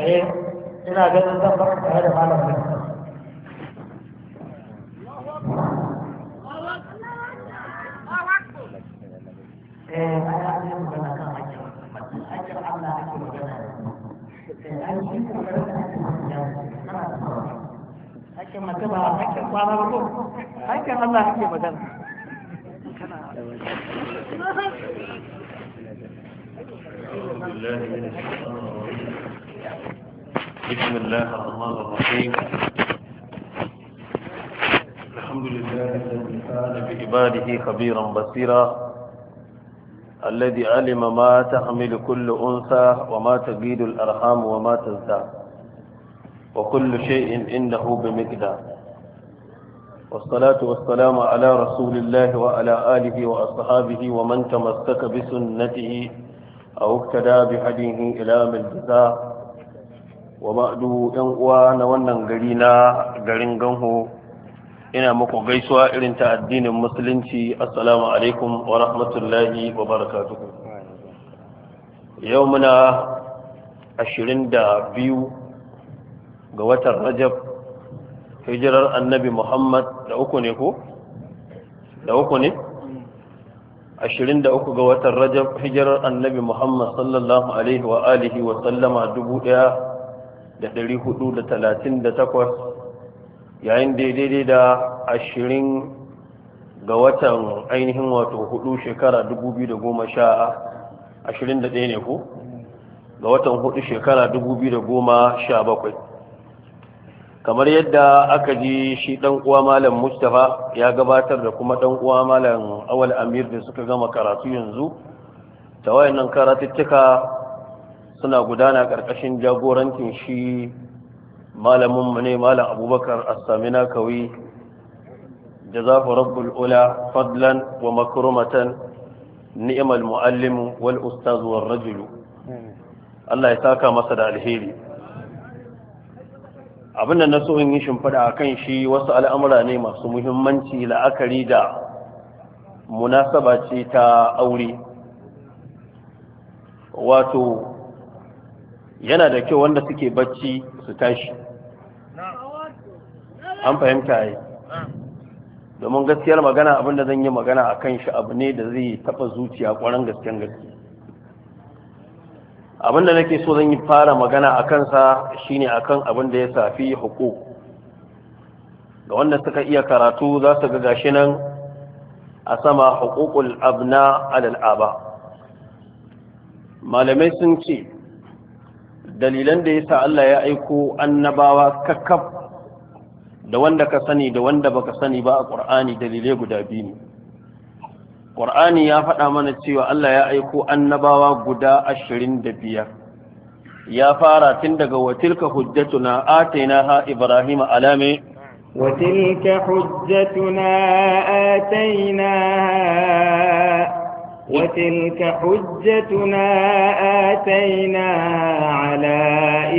eh ina ganin da malam eh, ake بسم الله الرحمن الرحيم الحمد لله الذي كان بعباده خبيرا بصيرا الذي علم ما تحمل كل أنثى وما تجيد الأرحام وما تزداد وكل شيء إنه بمقدار والصلاة والسلام على رسول الله وعلى آله وأصحابه ومن تمسك بسنته أو اقتدى بهديه إلى من wa ba'du yan uwa na wannan gari na garin ganho ina muku gaisuwa irin ta addinin musulunci assalamu alaikum wa rahmatullahi wa barakatuhu yau muna ashirin da biyu ga watan rajab hijirar annabi muhammad da uku ne ko? da uku ne? ashirin da uku ga watan rajab hijirar annabi muhammad sallallahu alaihi wa alihi wa sallama dubu daya da ɗari hudu da talatin da takwas yayin daidai da ashirin ga watan ainihin wato hudu shekara dubu biyu da goma sha ashirin da ɗaya ne ku ga watan hudu shekara dubu biyu da goma sha bakwai kamar yadda aka ji shi ɗan uwa malam mustapha ya gabatar da kuma ɗan uwa malam awal amir da suka gama karatu yanzu ta nan karatuttuka suna gudana ƙarƙashin jagorancin shi malaminmu ne malam abubakar assamina kawi jazafu rabbul ula fadlan wa makrumatan ni'imal muallimu wal ustaz wal rajulu Allah ya saka masa da alheri abin da na so in yi shimfiɗa a kan shi wasu al'amura ne masu muhimmanci la'akari da munasaba ce ta aure wato yana da kyau wanda suke bacci su tashi an fahimta yi domin gaskiyar magana abinda zan yi magana a kan shi abu ne da zai taɓa zuciya ƙwarar gaskiyar gaske abin nake so zan yi fara magana a kansa shine akan abin da ya safi hukuku, ga wanda suka iya karatu za su ga gashi nan a sama hukukul abna alal aba malamai sun ce dalilan da ya sa Allah ya aiko annabawa kakkaf da wanda ka sani da wanda baka sani ba a Kur'ani dalilai guda biyu ne ƙur'ani ya faɗa mana cewa Allah ya aiko annabawa guda da biyar. ya fara tun daga watilka hujjatuna ha Ibrahim alame وتلك حجتنا آتيناها وتلك حجتنا آتيناها على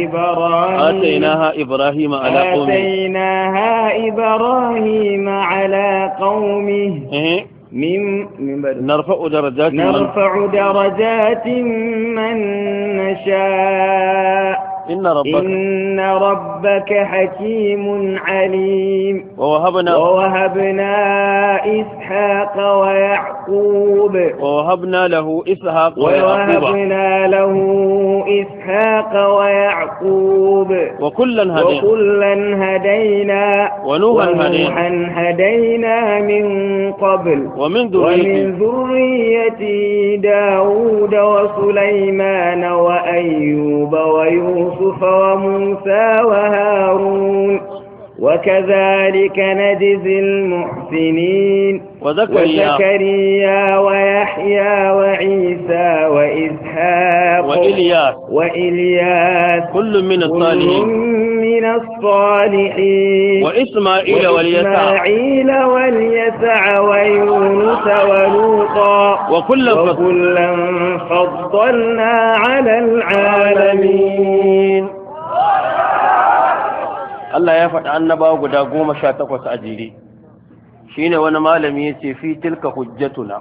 إبراهيم آتيناها إبراهيم على قومه آتيناها إبراهيم على قومه إيه. من, من نرفع درجات نرفع درجات من نشاء إن ربك إن ربك حكيم عليم ووهبنا ووهبنا إسحاق ويعقوب ووهبنا له إسحاق ويعقوب ووهبنا له إسحاق ويعقوب وكلا هدينا وكلا هدينا ونوحا هدينا هدينا من قبل ومن ذريتي داود وسليمان وأيوب ويوسف يوسف وموسى وهارون وكذلك نجزي المحسنين وزكريا, وزكريا ويحيى وعيسى وإسحاق وإلياس, وإلياس كل من الصالحين من الصالحين وإسماعيل واليسع وإسماعيل واليسع ويونس ولوطا Allah ya faɗi annaba guda goma sha takwas a jere shi ne wani malami ya ce fi tilka hujjatuna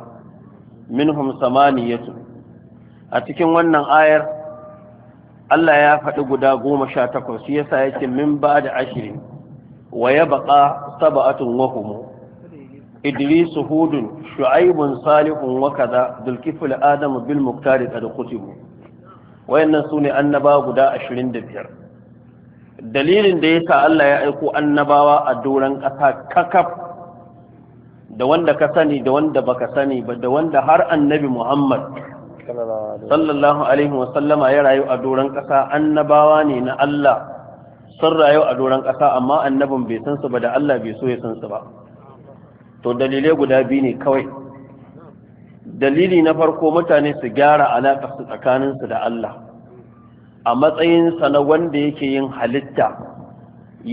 minhum samaniyatu a cikin wannan ayar Allah ya faɗi guda goma sha takwas shi yasa yake min ba da ashirin wa ya baƙa saba'atun wahumu idris hudun shu'aibun salihun wa kaza dulkifil adamu bil muktari qad kutibu wayannan sune annaba guda ashirin da biyar dalilin da yasa Allah ya aiko annabawa a doron ƙasa kakaf da wanda ka sani da wanda baka sani ba da wanda har annabi Muhammad sallallahu alaihi wa sallama ya rayu a doron ƙasa annabawa ne na Allah sun rayu a doron ƙasa amma annabin bai san su ba da Allah bai so ya san su ba to dalilai guda biyu ne kawai dalili na farko mutane su gyara alaƙa su tsakanin su da Allah a matsayin sa na wanda yake yin halitta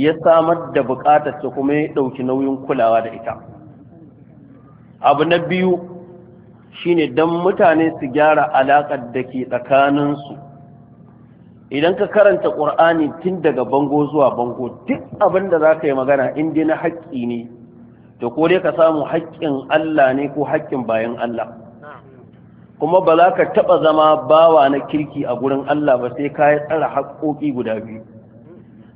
ya samar da buƙatar su kuma ya ɗauki nauyin kulawa da ita abu na biyu shine don mutane su gyara alaƙar da ke tsakaninsu idan ka karanta ƙur'ani tun daga bango zuwa bango duk abin da za ka yi magana inda na haƙƙi ne to ko dai ka samu haƙƙin Allah ne ko haƙƙin bayan Allah kuma ba za ka taɓa zama bawa na kirki a gurin Allah ba sai ka yi tsara haƙƙoƙi guda biyu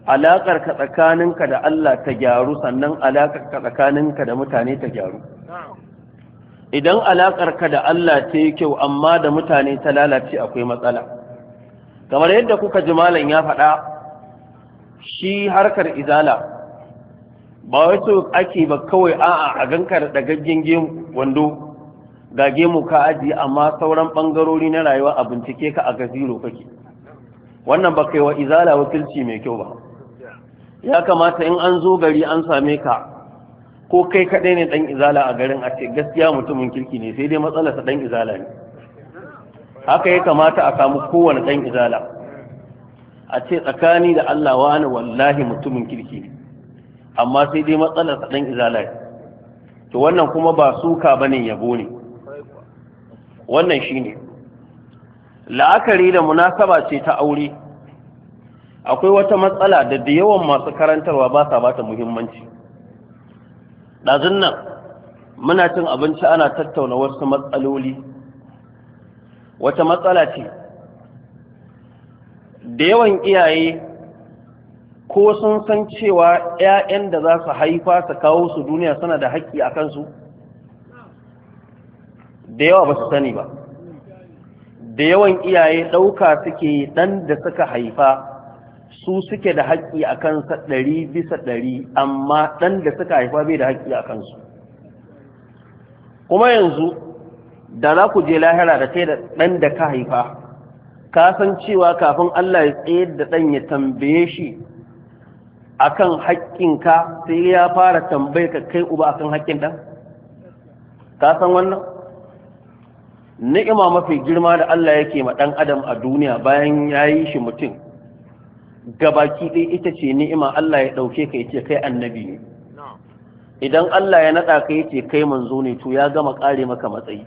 alaƙar ka tsakaninka da Allah ta gyaru sannan alaƙar ka tsakaninka da mutane ta gyaru idan alaƙarka da Allah ta yi kyau amma da mutane ta lalace akwai matsala kamar yadda kuka ji malam ya faɗa shi harkar izala ba wai ake ba kawai a'a a ganka da gaggen wando ga gemu ka aji amma sauran ɓangarori na rayuwa a bincike ka a gaziro kake wannan ba kai wa izala wakilci mai kyau ba ya kamata in an zo gari an same ka ko kai kaɗai ne ɗan izala a garin a ce gaskiya mutumin kirki ne sai dai matsalarsa ɗan izala ne haka ya kamata a samu kowane ɗan izala a ce tsakani da Allah wani wallahi mutumin kirki ne amma sai dai matsalarsa ɗan izala ne to wannan kuma ba suka bane yabo ne wannan shi ne. la'akari da munasaba ce ta aure akwai wata matsala da da yawan masu karantarwa ba sa bata muhimmanci ɗazun nan muna cin abinci ana tattauna wasu matsaloli wata matsala ce da yawan iyaye ko sun san cewa 'ya'yan da za su haifa su kawo su duniya suna da haƙƙi a kansu da yawa ba su sani ba da yawan iyaye ɗauka suke ɗan da suka haifa su suke da haƙƙi a kansa ɗari bisa ɗari amma ɗan da suka haifa bai da haƙƙi a kansu kuma yanzu da za ku je lahira da kai da ɗan da ka haifa ka san cewa kafin Allah ya tsaye da ɗan ya tambaye shi akan haƙƙinka sai ya fara tambaye ka kai uba akan haƙƙin ɗan ka san wannan ni'ima mafi girma da Allah yake ma ɗan adam a duniya bayan ya yi shi mutum gabaki ɗaya ita ce ni'ima Allah ya ɗauke ka yace kai annabi ne idan Allah ya naɗa ka yace kai manzo ne to ya gama ƙare maka matsayi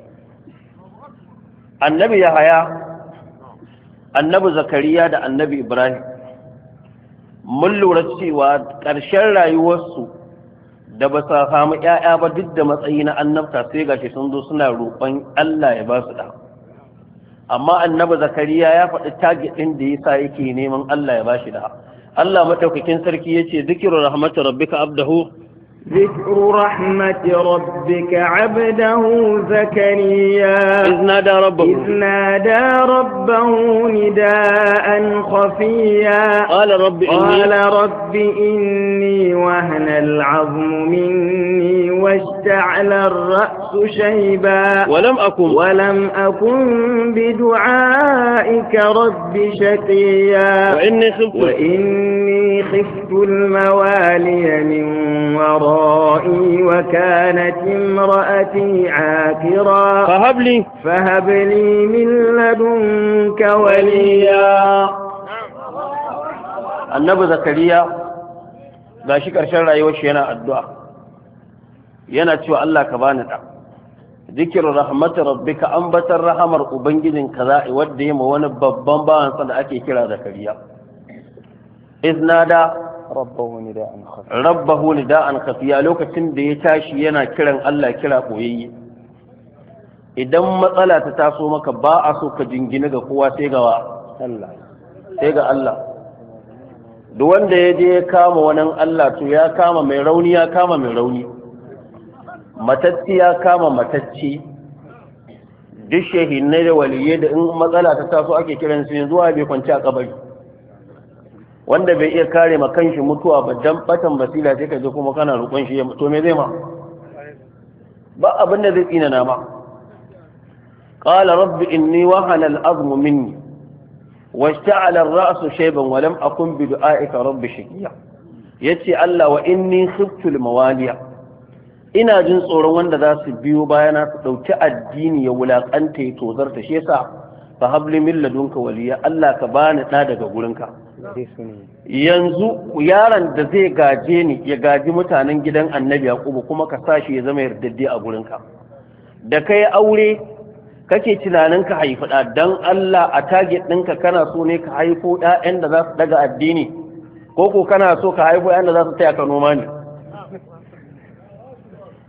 annabi ya haya annabi zakariya da annabi ibrahim mun lura cewa ƙarshen rayuwarsu da ba sa samu ‘ya'ya ba duk da matsayi na annabta sai gashi sun zo suna roƙon Allah ya ba su ɗan. amma annabi zakariya ya faɗi target ɗin da yasa yake neman Allah ya ba shi da Allah mataukakin sarki ya ce zikru rahmatir rabbika abdahu ذكر رحمة ربك عبده زكريا إذ نادى ربه إذ نادى ربه نداء خفيا قال رب إني قال رب إني وهن العظم مني واشتعل الرأس شيبا ولم أكن ولم أكن بدعائك رب شقيا وإني خفت وإني خفت الموالي من ورائي ورائي وكانت امرأتي عاقرا فهب لي فهب لي من لدنك وليا النبي زكريا gashi ƙarshen rayuwar shi yana addu'a yana cewa Allah ka bani da zikirin rahmatu rabbika ambatar rahamar ubangijin kaza wadda yi ma wani babban bawansa da ake kira zakariya iznada rabbahu nida'an khafiya lokacin da ya tashi yana kiran Allah kira koyayye idan matsala ta taso maka ba a so ka jingina ga kowa sai ga Allah sai ga Allah duk wanda ya je ya kama wani Allah to ya kama mai rauni ya kama mai rauni matacci ya kama matacci duk shehinai da waliyye da in matsala ta taso ake kiransu yanzu a bai kwanci a kabari wanda bai iya kare ma kanshi mutuwa ba dan batan basira sai ka je kuma kana roƙon shi to me zai ma ba abin zai tsina na ma qala rabbi inni wahana al-azmu minni washta'ala ar-ra'su shayban wa lam akun bi du'aika rabbi shaqiya yace Allah wa inni khiftu mawaliya ina jin tsoron wanda za su biyo bayana su ɗauki addini ya wulakanta ya tozarta shi yasa fa habli min ladunka waliya Allah ka bani da daga gurinka yanzu yaron da zai gaje ni ya gaji mutanen gidan annabi yaqubu kuma ka sashi ya zama yardaddi a gurinka da kai aure kake tunanin ka haifi ɗa don Allah a target ɗinka kana so ne ka haifo ɗayan da za su daga addini ko ko kana so ka haifo ɗayan da za su taya ka noma ne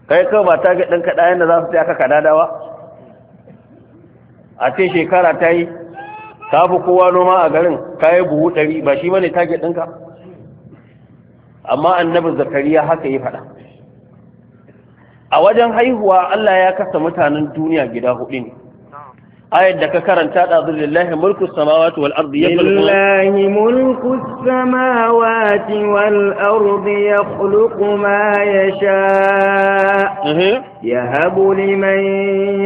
kai kawai ba target ɗinka ɗayan da za su taya ka kadadawa a ce shekara ta yi ka fi kowa noma a garin ka yi buhu ɗari ba shi bane target ɗinka amma annabi ya haka yi faɗa a wajen haihuwa Allah ya kasa mutanen duniya gida hudu ne ayar da ka karanta da lillahi mulku samawati wal ardi yakhluqu lillahi mulku samawati wal ardi yakhluqu ma yasha yahabu liman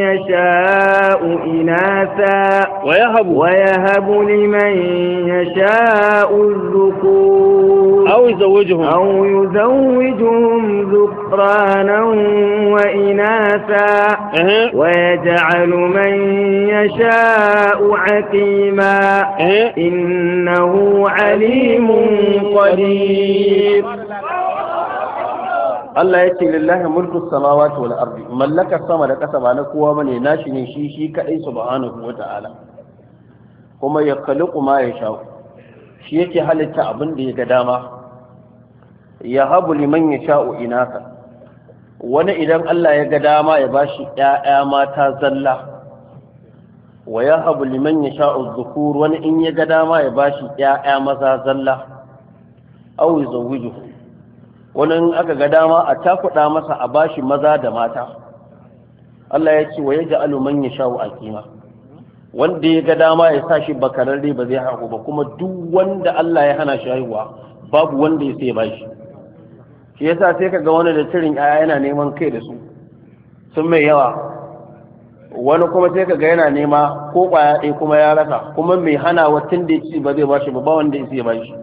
yasha'u inatha wa yahabu wa yahabu liman yasha'u dhukur أو يزوجهم أو يزوجهم ذكرانا وإناثا أه. ويجعل من يشاء عقيما أه. إنه عليم قدير Allah ya ce lillahi mulku samawati wal ardi mallakar sama da kasa ba na kowa bane nashi ne shi shi kadai subhanahu wata'ala kuma ya khaliqu ma yasha shi yake halitta abin da ya ga dama ya habu liman ya sha'u wani idan Allah ya ga dama ya bashi ‘ya'ya mata zalla wa ya habu liman ya sha'u zukur wani in ya ga dama ya bashi ‘ya'ya maza zalla au zawuju wani in aka ga dama a takuɗa masa a bashi maza da mata Allah ya ce wa ya ja'alu man ya sha'u a kima wanda ya ga dama ya sa shi bakararre ba zai haihu ba kuma duk wanda Allah ya hana shi haihuwa babu wanda ya sai bashi shi yasa sai ka ga wani da cirin yaya yana neman kai da su sun mai yawa wani kuma sai ka ga yana nema ko kwaya ɗaya kuma ya rasa kuma mai hana watan da ya ci ba zai ba shi ba ba wanda ya ce ba shi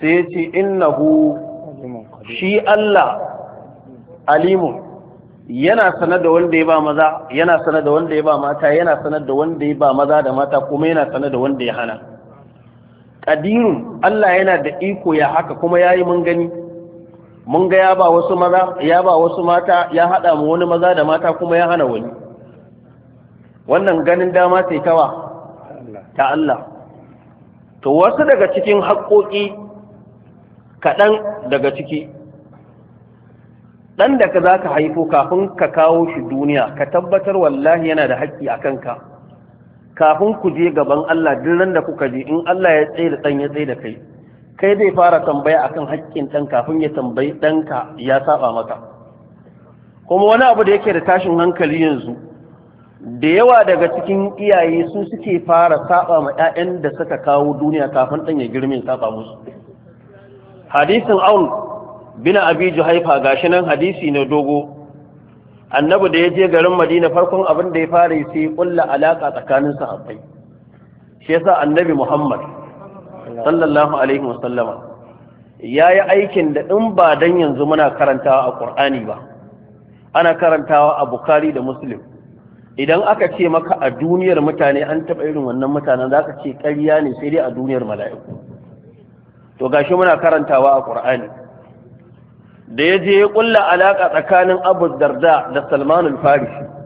sai ya ce innahu shi Allah alimun yana sanar da wanda ya ba maza yana sanar da wanda ya ba mata yana sanar da wanda ya ba maza da mata kuma yana sanar da wanda ya hana ƙadirun Allah yana da iko ya haka kuma ya yi mun gani mun ga ya ba wasu maza ya ba wasu mata ya haɗa mu wani maza da mata kuma ya hana wani wannan ganin dama sai kawa ta Allah to wasu daga cikin haƙoƙi kaɗan daga ciki ɗan da ka za ka haifo kafin ka kawo shi duniya ka tabbatar wallahi yana da haƙƙi a kanka kafin ku je gaban Allah duk ran da kuka je in Allah ya tsaye da ɗan ya tsaye da kai kai zai fara tambaya akan hakkin ɗan kafin ya tambayi ɗanka ya saba maka kuma wani abu da yake da tashin hankali yanzu da yawa daga cikin iyaye su suke fara saba ma 'ya'yan da suka kawo duniya kafin ɗan ya girme saba musu hadisin aun bin abi juhaifa gashi nan hadisi na dogo annabi da ya je garin madina farkon abin da ya fara sai kulla alaka tsakanin sahabbai shi yasa annabi muhammad sallallahu alaihi wasallama ya yi aikin da in ba don yanzu muna karantawa a ƙur'ani ba ana karantawa a bukari da muslim idan aka ce maka a duniyar mutane an taɓa irin wannan mutanen za ka ce ƙarya ne sai dai a duniyar mala'iku to gashi muna karantawa a ƙur'ani da ya je ya ƙulla alaƙa tsakanin abu darda da salmanul farisi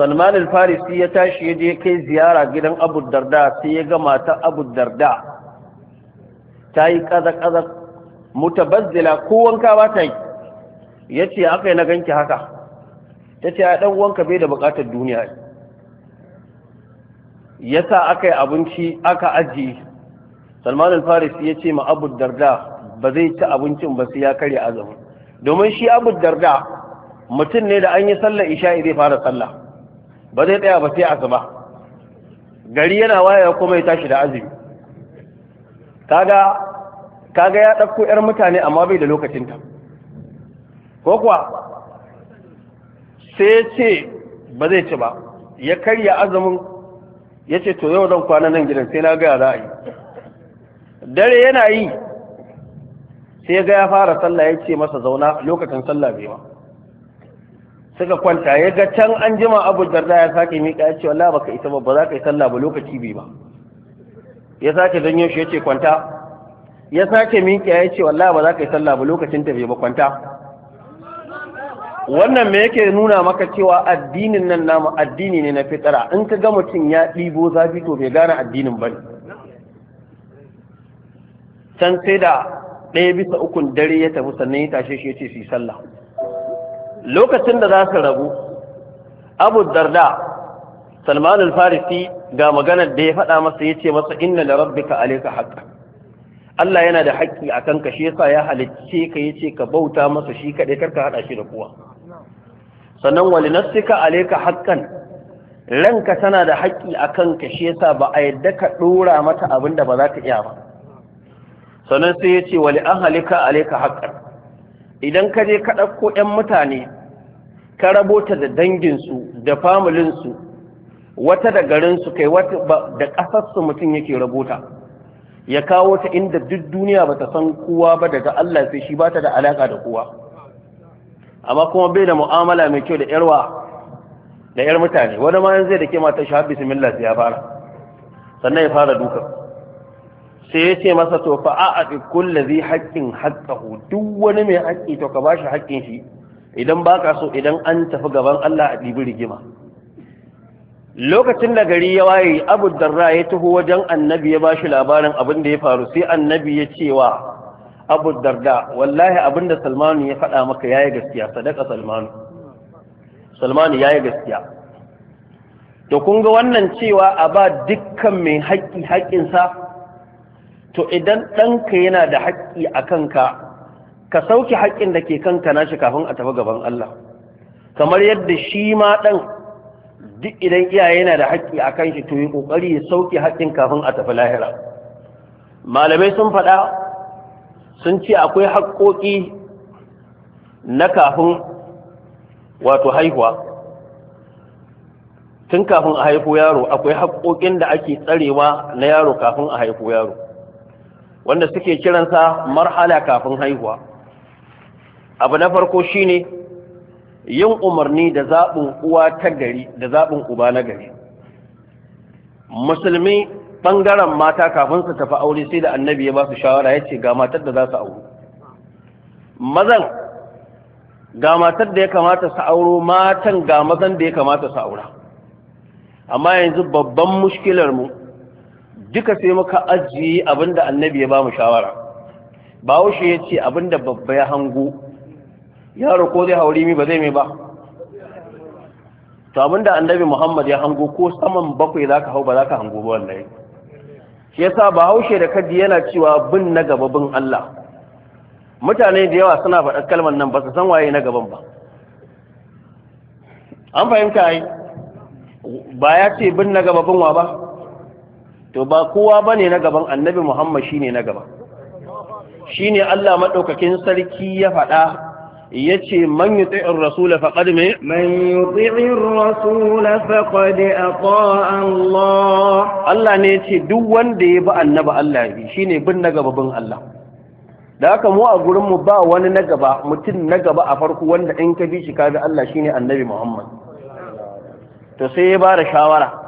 salman al-farisi ya tashi ya je kai ziyara gidan abu darda sai ya ga mata abu darda ta yi kaza-kaza mutabazzila ko wanka ba ta yi ya ce aka yi na ganki haka ta ce a ɗan wanka bai da buƙatar duniya ya sa aka yi abinci aka aji salman al-farisi ya ce ma abu darda ba zai ci abincin ba sai ya karya azumin domin shi abu darda mutum ne da an yi sallar isha'i zai fara sallah ba zai tsaya ba sai a zuba. gari yana waya kuma ya tashi da azumi kaga kaga ya ɗauko 'yar mutane amma bai da lokacinta ko kuwa sai ce ba zai ci ba ya karya azumin ya ce to yau zan kwana nan gidan sai na gaya za a yi dare yana yi sai ga ya fara sallah ya ce masa zauna lokacin sallah bai ba suka kwanta ya ga can an jima abu darda ya sake miƙa ya ce wala ba ka isa ba ba za ka yi sallah ba lokaci bai ba ya sake zanyo shi ya ce kwanta ya sake miƙa ya ce wala ba za ka yi sallah ba lokacin ta ba kwanta wannan me yake nuna maka cewa addinin nan namu addini ne na fitara in ka ga mutum ya ɗibo zafi to bai gane addinin ba ne can sai da ɗaya bisa ukun dare ya tafi sannan ya tashe shi ya ce su yi sallah lokacin da za su rabu abu darda salman al-farisi ga maganar da ya faɗa masa ya ce masa inna da ka alaika haqqa Allah yana da haƙƙi a kanka shi yasa ya halicce ka ce ka bauta masa shi kaɗai karka haɗa shi da kowa sannan wani wali ka alaika haƙƙan, ranka tana da haƙƙi a kanka shi yasa ba a yadda ka ɗora mata abin da ba za ka iya ba sannan sai ya ce yace wali halika alaika haƙƙan. idan ka je ka ɗauko 'yan mutane ka rabota da danginsu da familinsu wata da garinsu kai wata da ƙasarsu mutum yake rabota ya kawo ta inda duk duniya ba ta san kowa ba daga Allah sai shi ba ta da alaƙa da kowa amma kuma bai da mu'amala mai kyau da yarwa da yar mutane wani ma yanzu da ke mata shi har bismillah ya fara sannan ya fara sai ya ce masa to fa a'ati da zai haƙƙa haqqahu duk wani mai haƙƙi to ka ba shi haƙƙin shi idan baka so idan an tafi gaban Allah a ɗibi rigima lokacin da gari ya waye Abu darra ya taho wajen Annabi ya ba shi labarin abin da ya faru sai Annabi ya ce wa Abu Darda wallahi abin da Salmanu ya faɗa maka ya yi gaskiya sadaka Salmanu Salmanu yi gaskiya to kun ga wannan cewa a ba dukkan mai haƙƙi haƙƙinsa to idan ɗanka yana da haƙƙi a kanka ka sauke haƙƙin da ke kanka nashi kafin a tafi gaban Allah kamar yadda shi ma ɗan duk idan iyaye yana da haƙƙi a kan shi to yi ƙoƙari ya sauke haƙƙin kafin a tafi lahira malamai sun faɗa sun ce akwai haƙƙoƙi na kafin wato haihuwa tun kafin a haifu yaro akwai haƙƙoƙin da ake tsarewa na yaro kafin a haifu yaro wanda suke kiransa marhala kafin haihuwa abu na farko shine yin umarni da zaɓin uwa ta gari da zaɓin uba na gari musulmi ɓangaren mata kafin su tafi aure sai da annabi ya ba su shawara ya ce ga matar da za su auro mazan ga matar da ya kamata su auro matan ga mazan da ya kamata su aura amma yanzu babban mushkilar mu duka sai muka ajiye abinda annabi ya ba mu shawara wushe ya ce abinda babba ya hango yaro ko zai hauri mi ba zai mai ba to abinda annabi muhammad ya hango ko saman bakwai za ka hau ba za ka hango ba wannan. shi yasa bahaushe da kaddi yana cewa bin na gaba bin allah mutane da yawa suna faɗa kalmar nan ba su san waye na gaban ba an fahimta yi ba ya ce bin na gaba bin wa ba to ba kowa ba ne na gaban annabi Muhammad shine na gaba Shi ne Allah madaukakin sarki ya faɗa ya yace man yuti'ir rasul faqad me man yuti'ir rasul faqad ata Allah Allah ne ce duk wanda ya bi annabi Allah ya bi ne bin na gaba bin Allah da haka mu a gurinmu ba wani na gaba mutum na gaba a farko wanda in ka bi shi ka bi Allah shi ne annabi Muhammad to sai ya ba da shawara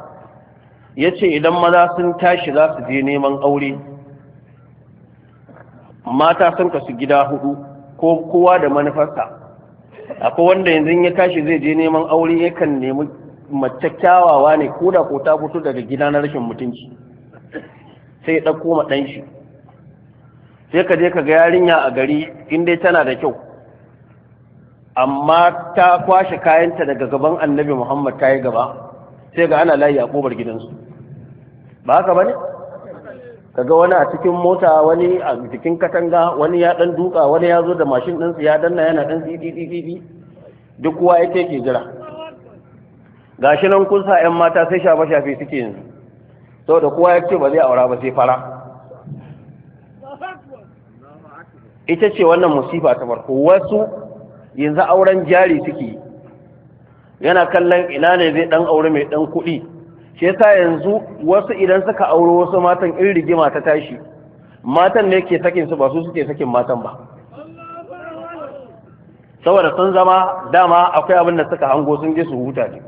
ya ce idan maza sun tashi za su je neman aure mata sun kasu gida hudu ko kowa da manufarsa akwai wanda yanzu ya tashi zai je neman aure yakan nemi mace kyawawa ne ko da ko ta fito daga gida na rashin mutunci sai ya ɗauko ma ɗan sai ka je ka ga yarinya a gari in dai tana da kyau amma ta kwashe kayanta daga gaban annabi muhammad ta yi gaba sai ga ana layi a ƙobar gidansu ba haka bane kaga wani a cikin mota wani a cikin katanga wani ya dan duka wani ya zo da mashin ɗinsu ya danna yana dan tsitsi duk kowa yake ke jira gashi nan kun sa yan mata sai shafa shafe suke yanzu saboda kowa ya ce ba zai aura ba sai fara ita ce wannan musifa ta farko wasu yanzu auren jari suke yana kallon ina ne zai dan aure mai dan kuɗi shi yasa yanzu wasu idan suka auro wasu matan in rigima ta tashi matan ne ke sakin su ba su suke sakin matan ba saboda sun zama dama akwai abin da suka hango sun je su huta ne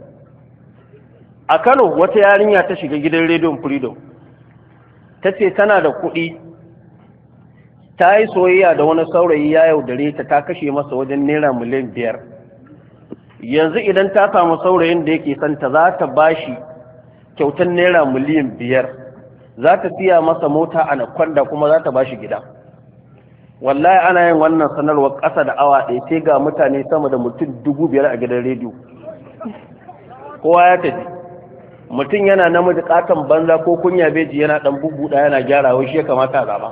a Kano wata yarinya ta shiga gidan rediyon Freedom ta ce tana da kuɗi ta yi soyayya da wani saurayi ya yaudare ta ta kashe masa wajen naira miliyan biyar yanzu idan ta samu saurayin da yake son ta za ta bashi kyautar naira miliyan biyar za ta siya masa mota a nakwanda kuma za ta ba shi gida wallahi ana yin wannan sanarwar kasa da awa ɗaya sai ga mutane sama da mutum dubu biyar a gidan rediyo kowa ya tafi mutum yana namiji katon banza ko kunya beji yana ɗan bubbuɗa yana gyarawa shi ya kamata a zaba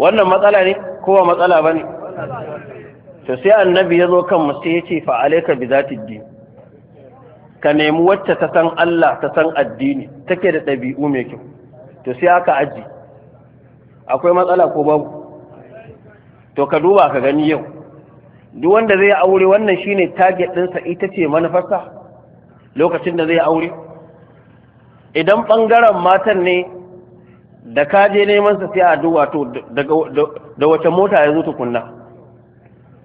wannan matsala ne kowa matsala ba ne to sai annabi ya zo kan mu sai ya ce fa alaika bi zati din ka nemi wacce ta san Allah ta san addini take da ɗabi'u mai kyau to sai aka aji akwai matsala ko babu to ka duba ka gani yau duk wanda zai aure wannan shine target ɗinsa ita ce manufarsa lokacin da zai aure idan ɓangaren matan ne da ka je neman sa sai a duba to da wace mota ya zo tukunna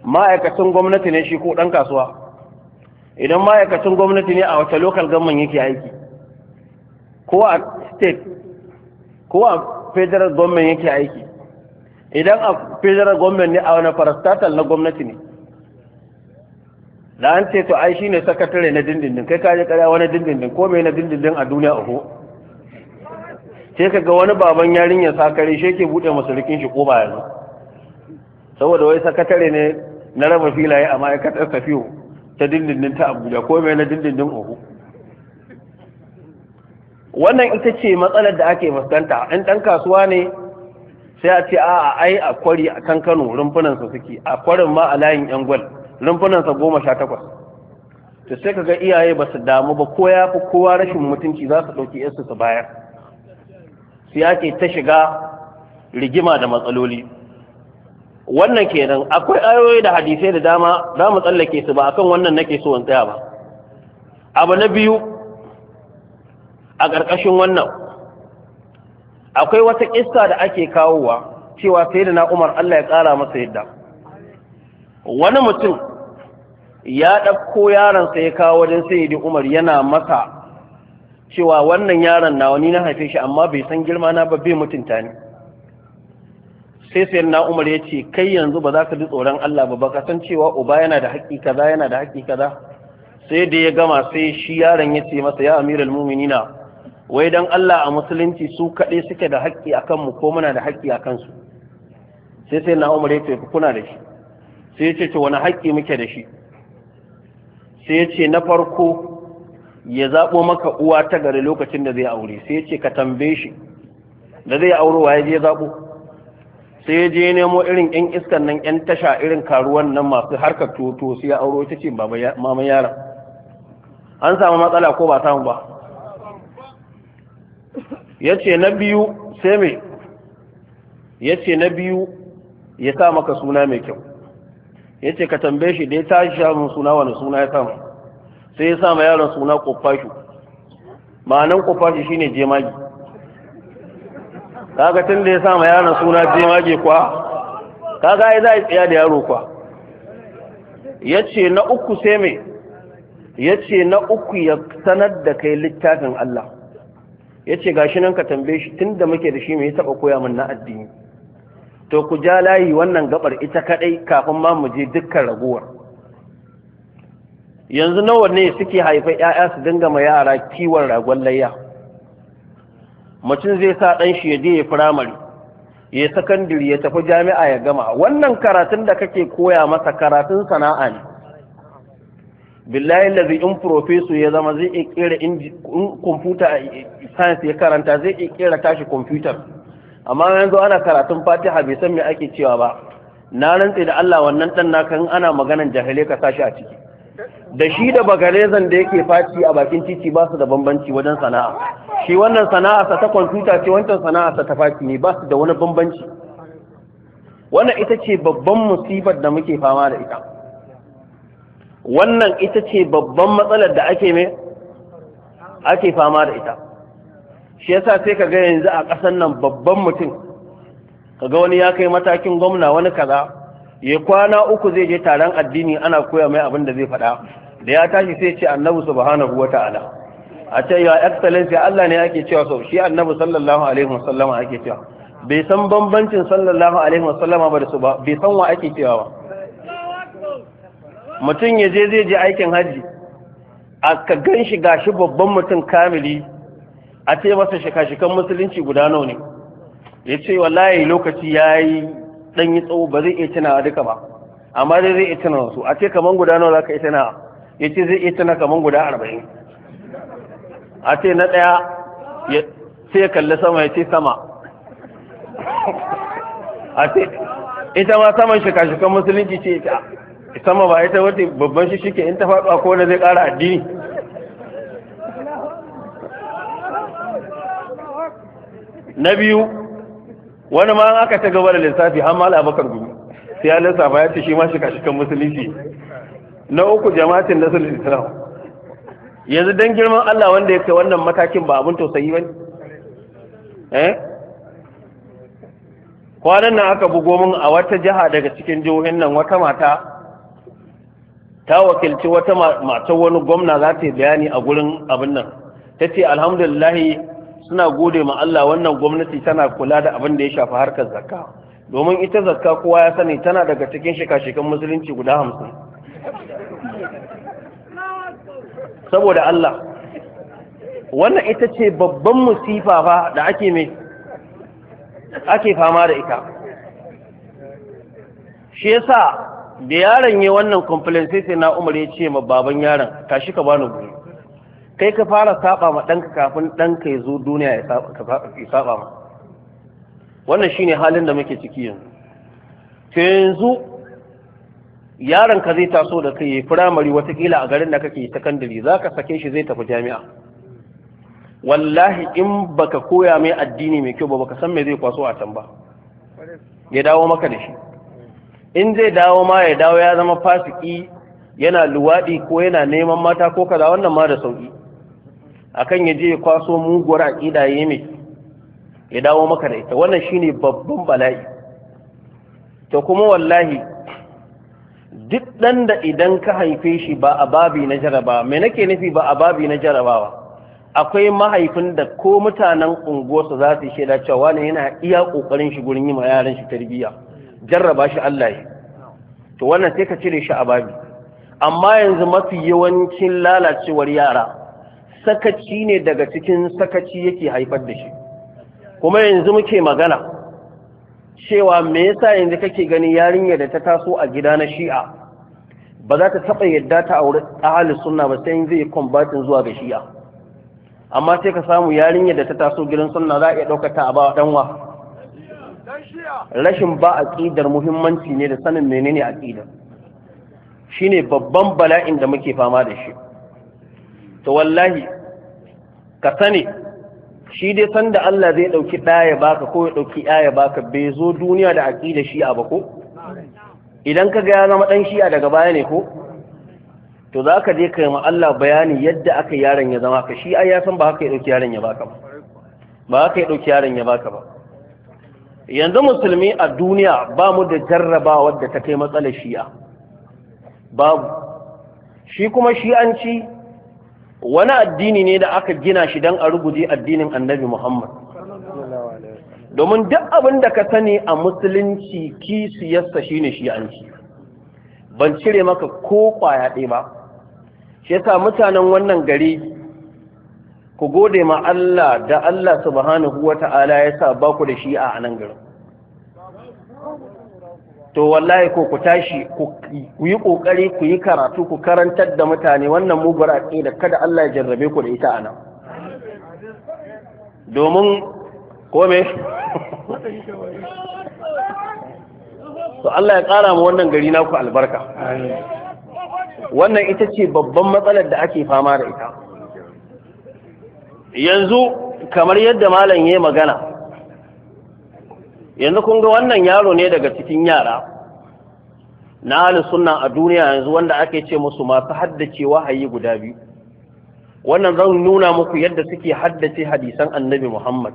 ma'aikacin gwamnati ne shi ko ɗan kasuwa idan ma'aikacin gwamnati ne a wata lokal government yake aiki ko a state ko a federal government yake aiki idan a federal government ne a wani parastatal na gwamnati ne da an ce to ai shi ne sakatare na dindindin kai kaje kara wani dindindin ko mai na dindindin a duniya uku sai kaga wani baban yarinya sakare shi yake bude masa rikin shi ko ba yanzu saboda wai sakatare ne na raba filaye a ma'aikatar safiyo ta dindindin ta abuja ko mai na dindindin uku wannan ita ce matsalar da ake fuskanta in ɗan kasuwa ne sai a ce a'a ai a kwari a kan kano rumfunansa suke a kwarin ma a layin yan gwal rumfunansa goma sha takwas to sai kaga iyaye ba su damu ba ko ya fi kowa rashin mutunci za su ɗauki yarsu su bayar sai ake ta shiga rigima da matsaloli wannan kenan akwai ayoyi da hadisai da dama za mu tsallake su ba akan wannan nake so in tsaya ba abu na biyu a ƙarƙashin wannan akwai wata kissa da ake kawowa cewa sai da na umar Allah ya ƙara masa yadda wani mutum ya ɗauko yaronsa ya kawo wajen sayyidi umar yana masa cewa wannan yaron nawa wani na haife shi amma bai san girma na ba bai mutunta ni sai sai na umar ya ce kai yanzu ba za ka ji tsoron Allah ba ka san cewa uba yana da haƙƙi kaza yana da haƙƙi kaza sai da ya gama sai shi yaron ya ce masa ya amirul mu'minina wai dan Allah a musulunci su kaɗai suke da haƙƙi akan mu ko muna da haƙƙi akan su sai sai na umar ya ce kuna da shi sai ya ce to wani haƙƙi muke da shi sai ya ce na farko ya zaɓo maka uwa ta gari lokacin da zai aure sai ya ce ka tambaye shi da zai aure wa ya je zaɓo sai ya je nemo irin yan iskan nan yan tasha irin karuwan nan masu harkar toto sai ya auro ta ce mama yaran. an sami matsala ko ba samu ba ya ce na biyu sai mai ya ce na biyu ya sa maka suna mai kyau ya ce ka tambaye shi dai ta shi shamun suna wani suna ya samu sai ya sa ma yaron suna kofashu ma'anan kofashu shine jemagi kaga tun da ya sa ma yaran suna jemage kwa kaga ai za a tsaya da yaro kwa yace na uku sai me yace na uku ya sanar da kai littafin Allah yace gashi nan ka tambaye shi tunda muke da shi me ya taba koya min na addini to ku ja layi wannan gabar ita kadai kafin ma mu je dukkan raguwar yanzu nawa ne suke haifa 'ya'ya su dinga ma yara kiwon ragon layya mutum zai sa ɗan shi ya je firamare ya sakandiri ya tafi jami'a ya gama wannan karatun da kake koya masa karatun sana'a ne billahi lazi in profeso ya zama zai iya kera in kwamfuta eh, science ya karanta zai iya kera tashi kwamfutar amma yanzu ana karatun fatiha bai san me ake cewa ba na rantse da Allah wannan dan naka in ana maganan jahile ka sashi a ciki da shi da bagarezan da yake faci a bakin titi ba su da bambanci wajen sana'a shi wannan sana'arsa ta kwamfuta ce wancan sana'arsa ta faki ne ba su da wani bambanci wannan ita ce babban musibar da muke fama da ita wannan ita ce babban matsalar da ake mai ake fama da ita shi yasa sai ka ga yanzu a ƙasar nan babban mutum ka ga wani ya kai matakin gwamna wani kaza ya kwana uku zai je taron addini ana koya mai abin da zai faɗa da ya tashi sai ce annabi subhanahu wata'ala a ce ya excellency Allah ne yake cewa so shi annabi sallallahu alaihi wasallama yake cewa bai san bambancin sallallahu alaihi wasallama ba da su ba bai san wa ake cewa ba mutum ya je zai je aikin hajji a ka gan shi gashi babban mutum kamili a ce masa shika-shikan musulunci guda nawa ne ya ce wallahi lokaci ya yi ɗan yi tsawo ba zai iya tunawa duka ba amma dai zai iya tunawa su a ce kaman guda nawa za ka iya tunawa ya ce zai iya tunawa kaman guda arba'in a ce na ɗaya sai ya kalli sama ya ce sama a ce ita ma saman shika-shikan musulunci ce ita sama ba ita wata babban shi shike in ta faɗo a kowane zai ƙara addini na biyu wani ma an aka ta gaba da lissafi har ma al'abakar gumi sai ya lissafa ya ce shi ma shika-shikan musulunci na uku jama'atin nasarar islam yanzu don girman Allah wanda ya kai wannan matakin ba abin tausayi ba eh kwanan nan aka bugo min a wata jiha daga cikin jihohin nan wata mata ta wakilci wata mata wani gwamna za ta yi bayani a gurin abin nan ta ce alhamdulillahi suna gode ma Allah wannan gwamnati tana kula da abin da ya shafi harkar zakka domin ita zakka kowa ya sani tana daga cikin shika-shikan musulunci guda hamsin saboda Allah wannan ita ce babban musifa fa da ake mai ake fama da ita shi yasa da yaron ya wannan complaint sai na umar ya ce ma baban yaron tashi ka bani guri kai ka fara saba ma ɗanka kafin ɗanka ya zo duniya ya saba ma wannan shine halin da muke ciki yanzu yanzu yaron ka zai taso da kai firamare watakila a garin da kake sakandare za ka sake shi zai tafi jami'a wallahi in baka koya mai addini mai kyau ba baka san me zai kwaso a can ba ya dawo maka da shi in zai dawo ma ya dawo ya zama fasiki yana luwaɗi ko yana neman mata ko kaza wannan ma da sauki akan ya je kwaso muguwar aƙida ya mai ya dawo maka da ita wannan shine babban bala'i to kuma wallahi duk ɗan da idan ka haife shi ba a babi na jaraba me nake nufi ba a babi na jarabawa akwai mahaifin da ko mutanen unguwarsa za su shaida cewa ne yana iya ƙoƙarin shi gurin yi ma yaran shi tarbiyya jarraba shi Allah yi to wannan sai ka cire shi a babi amma yanzu mafi yawancin lalacewar yara sakaci ne daga cikin sakaci yake haifar da shi kuma yanzu muke magana cewa me yasa yanzu kake ganin yarinyar da ta taso a gida na shi'a ba za ta taɓa yadda ta aure ahalin sunna ba sai zai yi kwambatin zuwa ga shi'a amma sai ka samu yarinyar da ta taso gidan sunna za a iya ɗaukata a ba ɗanwa rashin ba aƙidar muhimmanci ne da sanin menene a Shi shine babban bala'in da muke fama da shi to wallahi ka sani shi dai sanda Allah zai ɗauki ɗaya ya baka ko ya ɗauki ɗaya baka bai zo duniya da aƙida shi'a ba ko idan ka ga ya zama ɗan shi'a daga baya ne ko to za ka je kai ma Allah bayani yadda aka yaron ya zama ka shi ai ya san ba haka ya ɗauki yaron ya baka ba ba haka ya ɗauki yaron ya baka ba yanzu musulmi a duniya ba mu da jarrabawa da ta kai matsalar shi'a babu shi kuma shi'anci wani addini ne da aka gina shi don a rubuce addinin annabi Muhammad. Domin duk abin da ka sani a musulunci kisiyarsa shi ne shi'anci, ban cire maka ko kwaya ɗaya ba. Shi yasa mutanen wannan gari ku gode ma Allah da Allah subhanahu wa ta'ala ya sa ba ku da shi'a a nan garin. to wallahi ko ku tashi ku yi kokari ku yi karatu ku karantar da mutane wannan ce da kada Allah ya jarrabe ku da ita ana domin kome to Allah ya ƙara mu wannan gari naku albarka wannan ita ce babban matsalar da ake fama da ita yanzu kamar yadda malam ya yi magana yanzu kun ga wannan yaro ne daga cikin yara na suna sunna a duniya yanzu wanda ake ce musu masu haddace wahayi guda biyu wannan zan nuna muku yadda suke haddace hadisan annabi Muhammad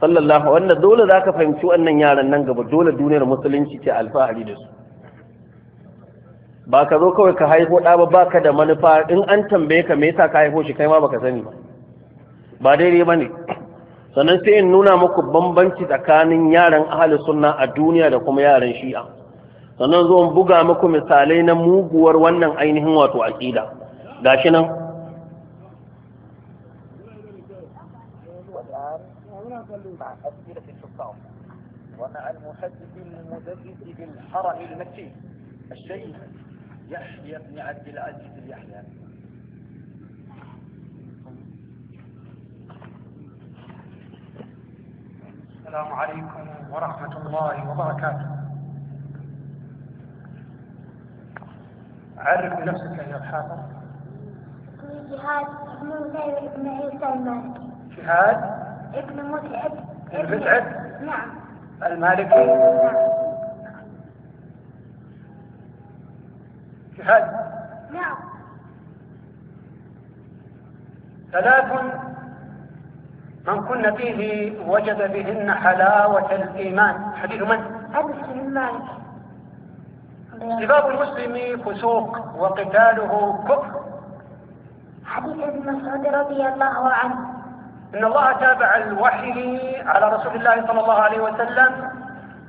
sallallahu wanda dole za ka fahimci wannan yaran nan gaba dole duniyar musulunci ce alfahari da su ba ka zo kawai ka haifo ɗa ba ba ka da manufa in an tambaye ka me yasa ka haifo shi kai ma baka sani ba ba daidai ba ne sannan sai in nuna muku bambanci tsakanin yaran ahli sunna a duniya da kuma yaran shi'a sannan zo buga muku misalai na muguwar wannan ainihin wato aqida gashi nan عبد العزيز اليحيى السلام عليكم ورحمة الله وبركاته عرف نفسك يا الحافظ جهاد ابن متعب ابن عيسى المالكي جهاد ابن متعب ابن متعب نعم المالكي نعم جهاد نعم ثلاث من كن فيه وجد بهن حلاوة الإيمان حديث من؟ حديث من مالك سباب المسلم فسوق وقتاله كفر حديث ابن مسعود رضي الله عنه إن الله تابع الوحي على رسول الله صلى الله عليه وسلم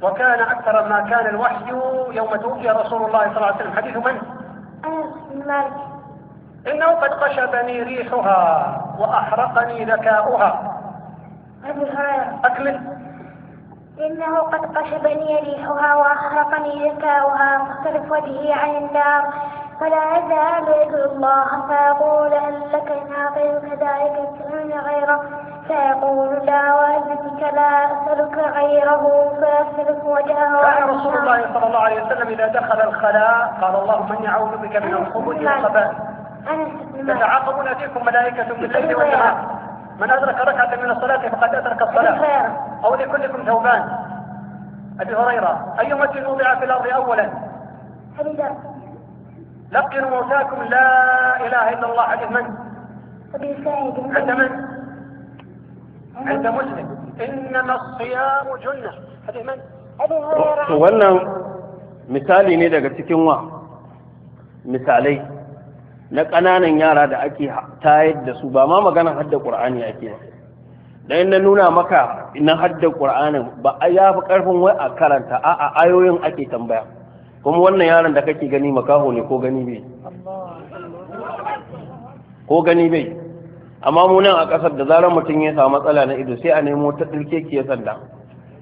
وكان أكثر ما كان الوحي يوم توفي رسول الله صلى الله عليه وسلم حديث من؟ أنس بن مالك إنه قد قشبني ريحها وأحرقني ذكاؤها أكله إنه قد قشبني ريحها وأخرقني ذكاؤها فاختلف وجهي عن النار فلا يزال يدعو الله فيقول هل لك إن أعطيت ذلك تسألني غيره فيقول لا وأذنك لا أسألك غيره فيسلك وجهه كان رسول الله صلى الله عليه وسلم إذا دخل الخلاء قال اللهم إني أعوذ بك من الخبث والخبائث تتعاقبون فيكم ملائكة من الليل والنهار من أدرك ركعة من الصلاة فقد أدرك الصلاة أو لكلكم ثوبان أبي هريرة أي مسجد وضع في الأرض أولا لقنوا موتاكم لا إله إلا الله حديث من عند من عند مسلم إنما الصيام جنة حديث من أبي هريرة wannan misali ne daga cikin na ƙananan yara da ake tayar da su ba ma magana hadda ƙur'ani ake ba dan na nuna maka na hadda ƙur'anin ba ya fi ƙarfin wai a karanta a ayoyin ake tambaya kuma wannan yaron da kake gani makaho ne ko gani bai ko gani bai amma mu a ƙasar da zarar mutum ya samu matsala na ido sai a nemo ta ɗirke ki ya sanda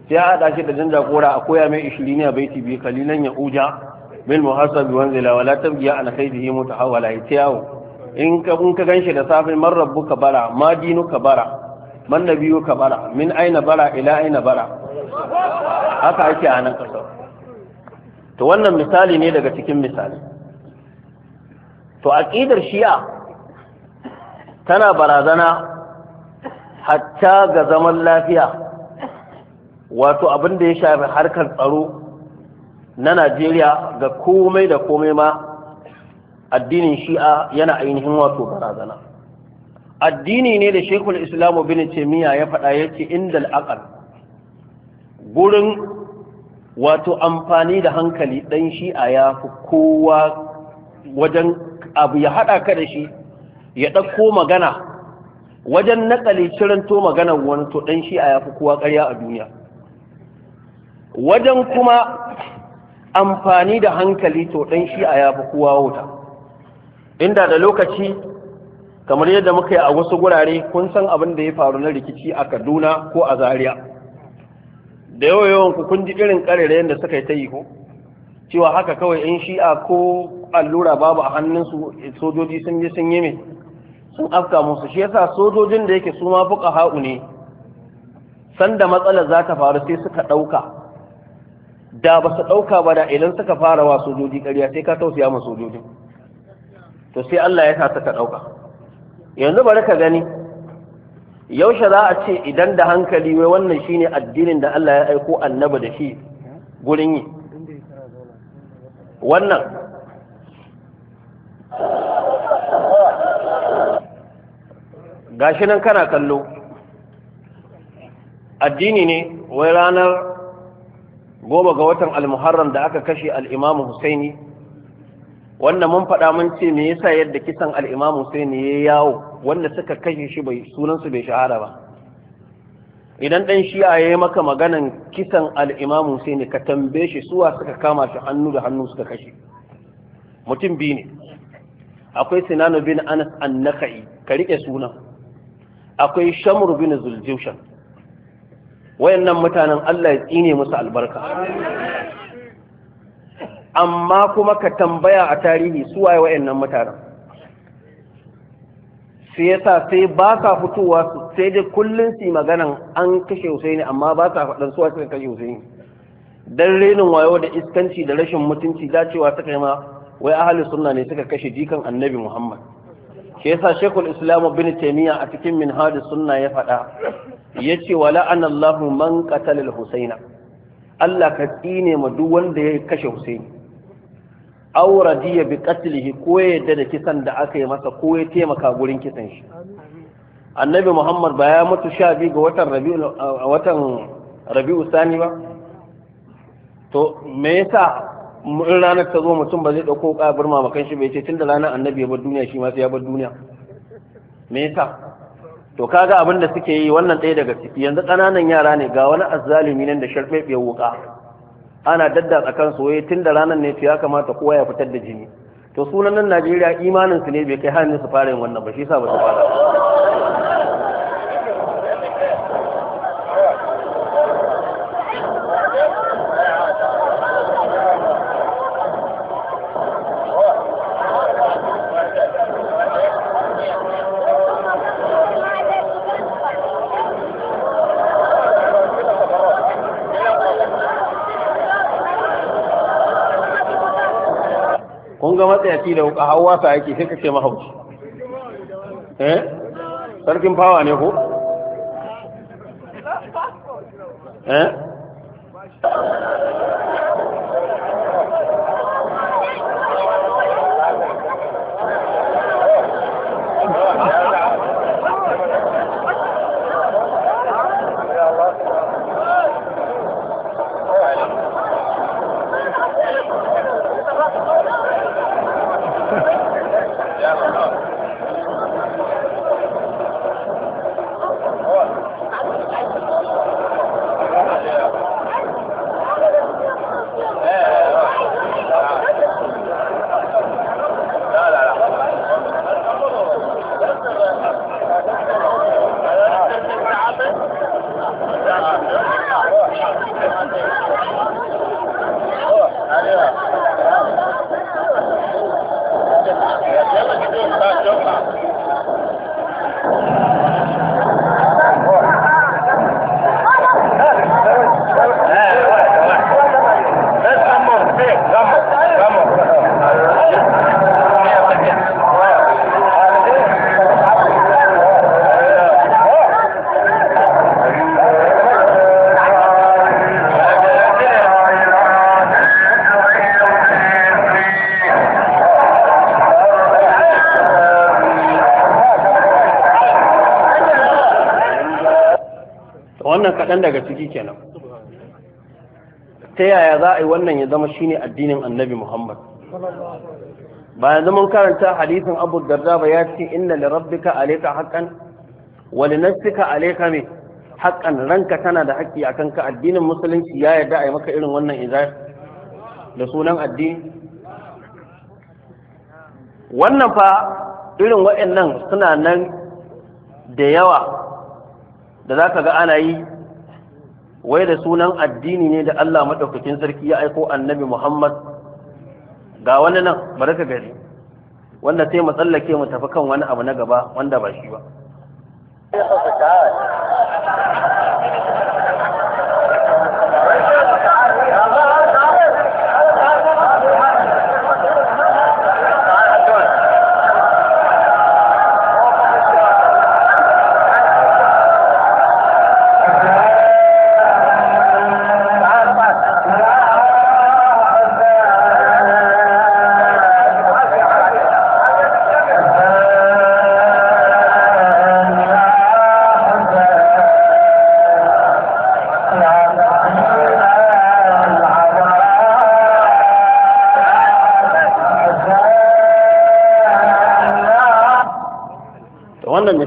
sai a haɗa shi da jan jagora a koya mai a baiti biyu kalilan ya uja bil muhasabi wanzila wala tabgiya an khayrihi mutahawala itiyawo in ka in ka ganshi da safe man rabbuka bara ma dinuka bara man nabiyuka bara min aina bara ila aina bara haka ake a nan kasar to wannan misali ne daga cikin misali to aqidar shi'a tana barazana hatta ga zaman lafiya wato abin da ya shafi harkar tsaro na najeriya ga komai da komai ma addinin shi'a yana ainihin wato barazana addini ne da shekul islamu bin cemiya ya faɗa ya ce inda aqal gurin wato amfani da hankali ɗan shi'a ya fi kowa wajen abu ya haɗa ka da shi ya ɗauko magana wajen naƙali ciranto maganar wani to ɗan shi'a ya fi kowa ƙarya a duniya wajen kuma amfani da hankali to ɗan shi a yafi kowa wuta inda da lokaci kamar yadda muka yi a wasu gurare kun san abin da ya faru na rikici a kaduna ko a zaria da yawan ku kun ji irin ƙarerayen da suka yi ta yi ko cewa haka kawai yan shi'a ko allura babu a hannunsu sojoji sun yi sun yi sun afka musu shi yasa sojojin da yake su ma fuka ha'u ne sanda matsalar za ta faru sai suka ɗauka da ba su ɗauka ba da idan suka fara wa sojoji ƙarya sai ka tausaya ma sojojin to sai Allah ya sa suka ɗauka yanzu bari ka gani yaushe za a ce idan da hankali wai wannan shine addinin da Allah ya aiko annabi da shi gurin yi wannan gashi nan kana kallo addini ne wai ranar goma ga watan almuharram da aka kashe al'imamu husaini wannan mun faɗa mun ce me yasa yadda kisan al'imamu husaini ya yawo wanda suka kashe shi bai sunansu bai shahara ba idan ɗan shi'a ya yi maka maganan kisan al'imamu husaini ka tambaye shi suwa suka kama shi hannu da hannu suka kashe mutum biyu ne akwai sinanu bin anas annaka'i ka riƙe sunan akwai shamur bin zuljushan wayannan mutanen Allah ya tsine musu albarka amma kuma ka tambaya a tarihi su waye wayannan mutanen Su yasa sai ba sa fitowa su sai dai kullun su maganan an kashe Husaini amma ba sa fadan su suka kashe Husaini dan renin wayo da iskanci da rashin mutunci cewa suka yi ma wai ahli sunna ne suka kashe jikan Annabi Muhammad ke yasa shekul islam bin taimiyya a cikin hadis sunna ya faɗa ya ce wa la'anallahu man qatala al-husaina Allah ka tsine ma duk wanda ya kashe husaini aw radiya bi qatlihi ko ya yadda da kisan da aka yi masa ko ya taimaka gurin kisan shi annabi muhammad ba ya mutu sha biyu ga watan rabi'u watan rabi'u sani ba to me yasa in ranar ta zo mutum ba zai ɗauko ƙabar mamakan shi bai ce tun da ranar annabi ya bar duniya shi ma sai ya bar duniya me yasa to kaga abin da suke yi wannan ɗaya daga ciki yanzu ƙananan yara ne ga wani azzalumi nan da sharfefiyar wuƙa ana dadda kan soyayya tun da ranar ne ya kamata kowa ya fitar da jini to sunan nan Najeriya imanin su ne bai kai hannun su fara yin wannan ba shi yasa ba su fara kun ga matsayaci da wuka hawa sa ake sai ka ce mahaushi eh sarkin fawa ne ko kaɗan daga ciki kenan ta yaya za a yi wannan ya zama shine addinin annabi muhammad ba yanzu mun karanta hadisin abu darda ba ya ce inna li rabbika alayka haqqan wa li nafsika alayka me haqqan ranka tana da haƙƙi akan ka addinin musulunci ya yarda a maka irin wannan izar da sunan addini wannan fa irin waɗannan suna nan da yawa da za ka ga ana yi wai da sunan addini ne da Allah maɗaukakin sarki ya aiko annabi Muhammad ga wani nan bari ka gari wanda sai mu tsallake mu tafi kan wani abu na gaba wanda ba shi ba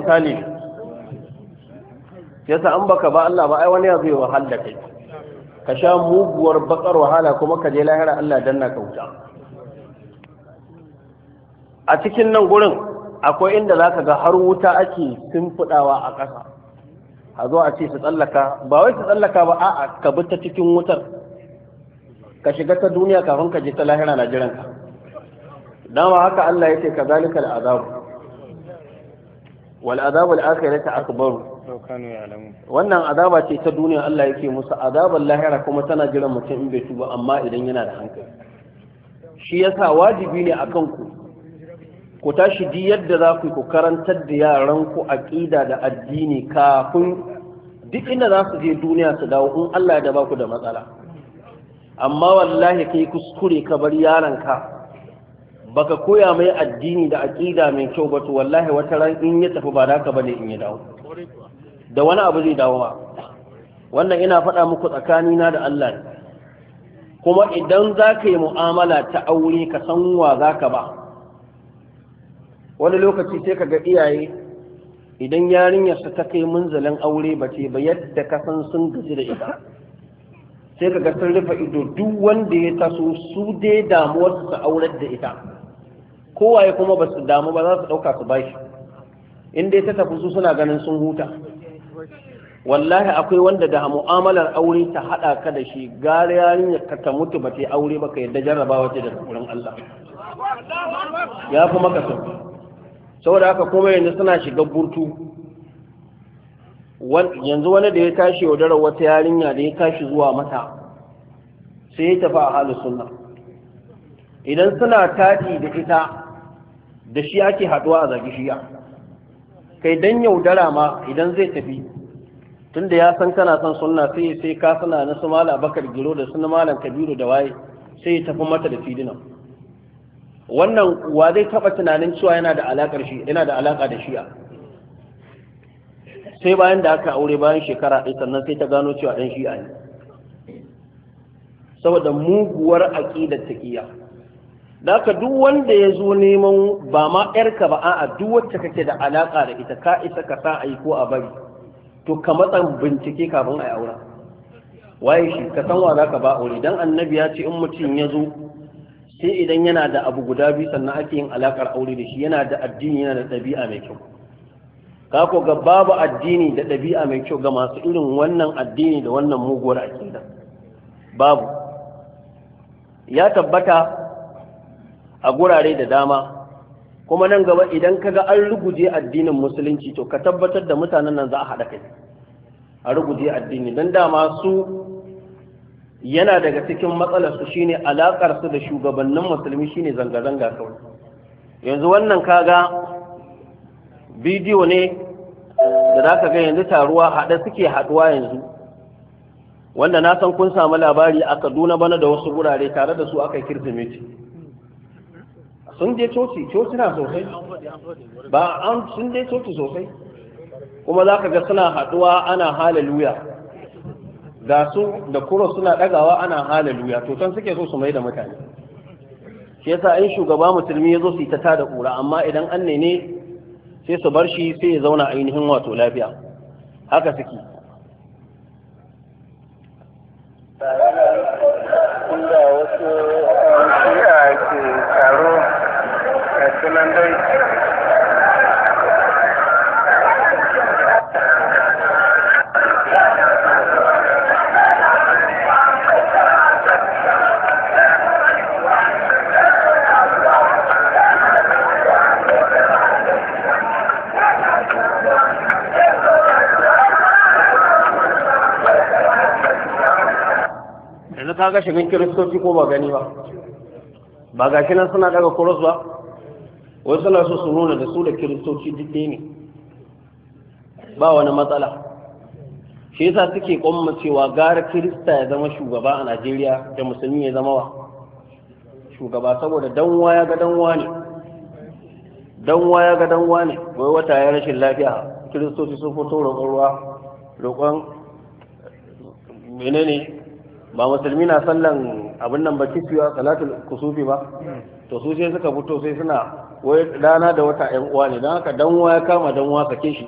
misali yasa an baka ba Allah ba ai wani ya zai wahal da kai ka sha muguwar bakar wahala kuma ka je lahira Allah danna wuta. a cikin nan gurin akwai inda zaka ga har wuta ake fudawa a ƙasa a zo a ce su tsallaka ba wai su tsallaka ba a'a ka bi ta cikin wutar ka shiga ta duniya kafin ka je ta lahira na jiran ka dama haka Allah ya ce ka wal azabul akhirati wannan azaba ce ta duniya Allah yake musu azabar lahira kuma tana jiran mutum in bai tuba amma idan yana da hankali shi yasa wajibi ne akan ku ku tashi di yadda za ku ku karantar da yaran ku aqida da addini kafin duk inda za su je duniya su dawo in Allah ya da ba ku da matsala amma wallahi kai kuskure ka bar yaran ka baka koya mai addini da aƙida mai kyau ba to wallahi wata ran in ya tafi ba naka bane in ya dawo da wani abu zai dawo ba wannan ina faɗa muku na da Allah ne kuma idan zaka yi mu'amala ta aure ka san wa zaka ba wani lokaci sai ka ga iyaye idan yarinyar sa ta kai munzalin aure ba ce ba yadda ka san sun gaji da ita sai ka ga sun rufe ido duk wanda ya taso su dai damuwar su aurar da ita kowaye kuma ba su damu ba za su ɗauka su bashi in dai ta tafi su suna ganin sun huta wallahi akwai wanda da mu'amalar aure ta haɗa ka da shi gari yarinya ka ta mutu ba ta aure ba ka yadda jarrabawa wace da wurin Allah ya fi maka sau saboda haka kuma yanzu suna shiga burtu yanzu wani da ya tashi yaudarar wata yarinya da ya tashi zuwa mata sai ya tafi a halin sunna idan suna tati da ita da shi ake haɗuwa a zagi shiya kai dan yaudara ma idan zai tafi tunda ya san kana son sunna sai sai ka na su mala bakar giro da sun malam kabiru da waye sai ya tafi mata da fidina wannan wa zai taba tunanin cewa yana da alakar shi yana da alaka da shi'a sai bayan da aka aure bayan shekara ɗaya sannan sai ta gano cewa ɗan shi'a ne saboda muguwar aƙidar taƙiyya da duk wanda ya zo neman ba ma yarka ba a'a duk wacce kake da alaƙa da ita ka isa ka sa ayi ko a bari to ka matsan bincike kafin a yi aura waye shi ka san wa zaka ba aure dan annabi ya ce in mutum ya zo sai idan yana da abu guda biyu sannan ake yin alaƙar aure da shi yana da addini yana da ɗabi'a mai kyau ka ko ga babu addini da ɗabi'a mai kyau ga masu irin wannan addini da wannan muguwar aƙida babu ya tabbata a gurare da dama kuma nan gaba idan ka ga an ruguje addinin musulunci to ka tabbatar da mutanen nan za a haɗa kai a ruguje addini don dama su yana daga cikin matsalarsu shine alaƙarsu da shugabannin musulmi shine zanga-zanga kawai yanzu wannan kaga bidiyo ne da za ka ga yanzu taruwa haɗe suke haɗuwa yanzu wanda na san kun samu labari a kaduna bana da wasu wurare tare da su aka yi kirsimeti sun je coci coci na sosai ba an sun je coci sosai kuma za ka ga suna haɗuwa ana halaluya ga su da kuro suna ɗagawa ana halaluya to can suke so su mai da mutane shi yasa in shugaba musulmi ya zo su yi ta tada ƙura amma idan an ne sai su bar shi sai ya zauna ainihin wato lafiya haka suke ka ga shigin kiristoci ko ba gani ba ba ga shi nan suna daga kuros ba wai suna so su nuna da su da kiristoci didde ne ba wani matsala shi yasa suke kwamma cewa gara kirista ya zama shugaba a najeriya da musulmi ya zama wa shugaba saboda danwa ya ga danwa ne danwa ya ga danwa ne wai wata ya rashin lafiya kiristoci sun fito roƙon ruwa roƙon menene ba musulmi na sallan abin nan ba kisiwa salatul kusufi ba to su sai suka fito sai suna wai dana da wata yan uwa ne don haka danwa ya kama danwa sake shi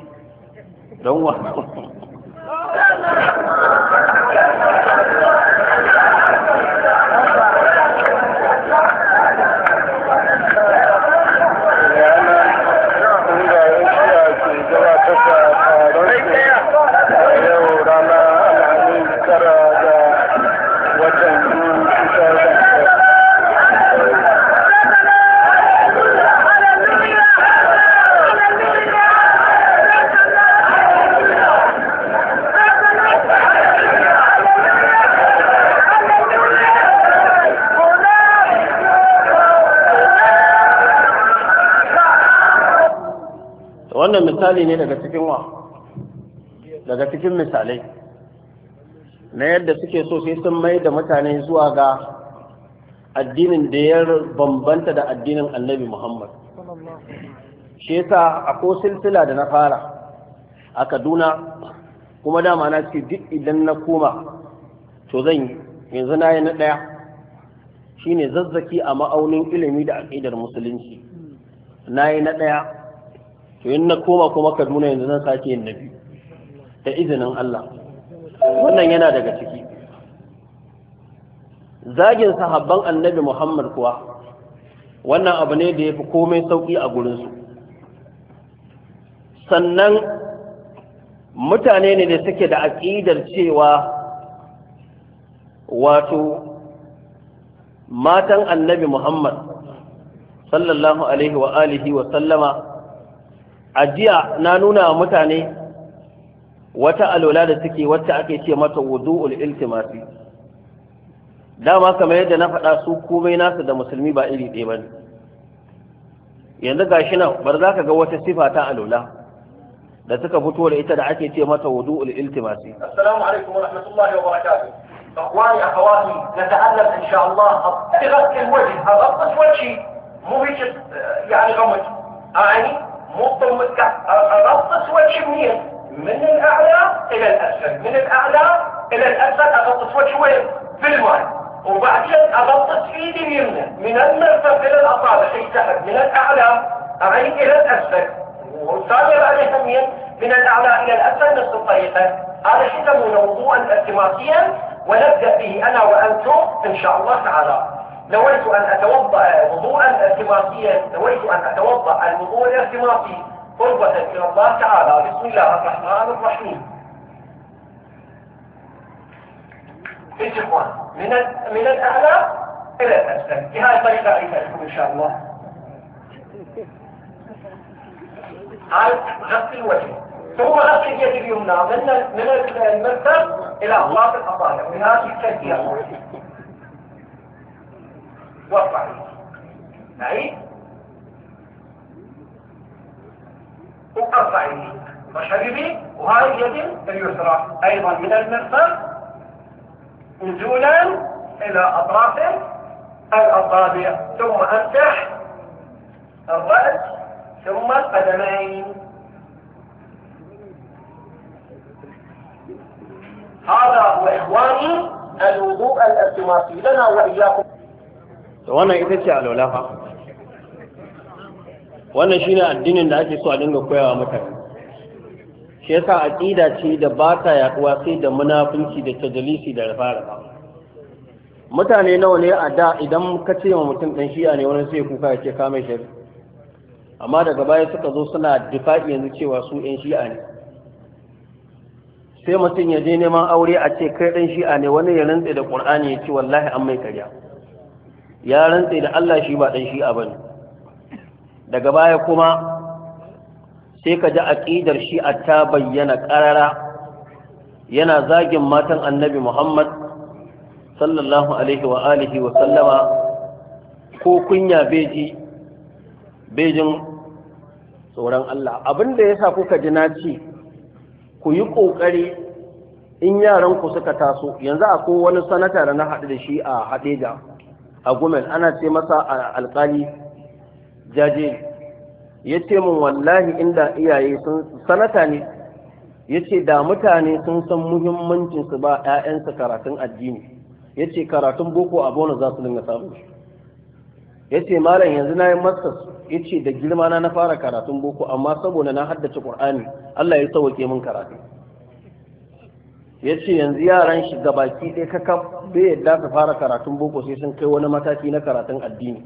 danwa wannan misali ne daga cikin wa daga cikin misalai na yadda suke so sai sun mai da mutane zuwa ga addinin da ya bambanta da addinin annabi muhammad shi yasa a ko silsila da na fara a kaduna kuma dama na ce duk idan na koma to zan yi yanzu na yi na ɗaya shine zazzaki a ma'aunin ilimi da aƙidar musulunci na yi na ɗaya to in na koma kuma kaduna yanzu zan sake yin na biyu da izinin Allah wannan yana daga ciki zagin sahabban annabi Muhammad kuwa wannan abu ne da ya fi komai sauƙi a gurinsu sannan mutane ne da suke da aƙidar cewa wato matan annabi Muhammad sallallahu alaihi wa alihi wa sallama a jiya na nuna wa mutane wata alola da suke wacce ake ce mata wudu'ul iltimasi dama kamar yadda na faɗa su komai nasu da musulmi ba iri ɗaya ba ne yanzu gashi nan bar za ka ga wata sifa ta alola da suka fito da ita da ake ce mata wudu'ul iltimasi assalamu alaikum wa rahmatullahi wa barakatuh اخواني اخواتي نتعلم ان شاء الله غسل الوجه غسل وجهي مو هيك يعني غمج اعني ربط سويتش منين من الاعلى الى الاسفل من الاعلى الى الاسفل اغطس سويتش وين في الماء وبعدين اغطس ايدي اليمنى من المرفق الى الاصابع تحت من الاعلى اعيد الى الاسفل والثاني بعد تميين من الاعلى الى الاسفل نفس الطريقه هذا شو يسمونه وضوءا التماسيا ونبدا به انا وانتم ان شاء الله تعالى نويت أن أتوضأ وضوءا ارتباطيا نويت أن أتوضأ الوضوء الارتباطي قربة إلى الله تعالى بسم الله الرحمن الرحيم ايش اخوان من من الاعلى الى الاسفل هاي الطريقه اعيدها لكم ان شاء الله على غسل الوجه ثم غسل اليد اليمنى من من المرفق الى اطراف الاصابع هذه التسبيح وارفع ايدي معي وارفع ايدي مشربي وهاي اليد اليسرى ايضا من المرفق نزولا الى اطراف الاصابع ثم امسح الراس ثم القدمين هذا هو إخواني الوضوء الالتماسي لنا وإياكم to wannan ita ce alwala fa wannan ne addinin da ake so a dinga koyawa mutane shi yasa aqida ce da ba ta yaduwa sai da munafunci da tajalisi da rafa-rafa mutane nawa ne a da idan ka ce wa mutum ɗan shi'a ne wani sai kuka ya ce kame shari amma daga baya suka zo suna difaɗi yanzu cewa su ɗan shi'a ne sai mutum ya je neman aure a ce kai ɗan shi'a ne wani ya rantse da ƙur'ani ya ce wallahi an mai karya ya rantse da Allah shi ba dan shi'a bane daga baya kuma sai ka ji aqidar shi'a ta bayyana ƙarara yana zagin matan annabi Muhammad sallallahu alaihi wa alihi wa sallama ko kunya beji bejin tsoron Allah Abin abinda yasa kuka ji naci ku yi ƙoƙari in yaranku suka taso yanzu akwai wani sanata da na haɗu da shi a haɗeja a ana ce masa alkali jaje ya ce min wallahi inda iyaye sun sanata ne ya ce da mutane sun san muhimmancin ba 'ya'yansa karatun addini ya ce karatun boko a bonus za su dinga samu ya ce malam yanzu na yi masters ya ce da girma na na fara karatun boko amma saboda na haddace ƙur'ani allah ya sauke min karatu ya ce yanzu yaran shi baki ɗaya kakaf bai yadda su fara karatun boko sai sun kai wani mataki na karatun addini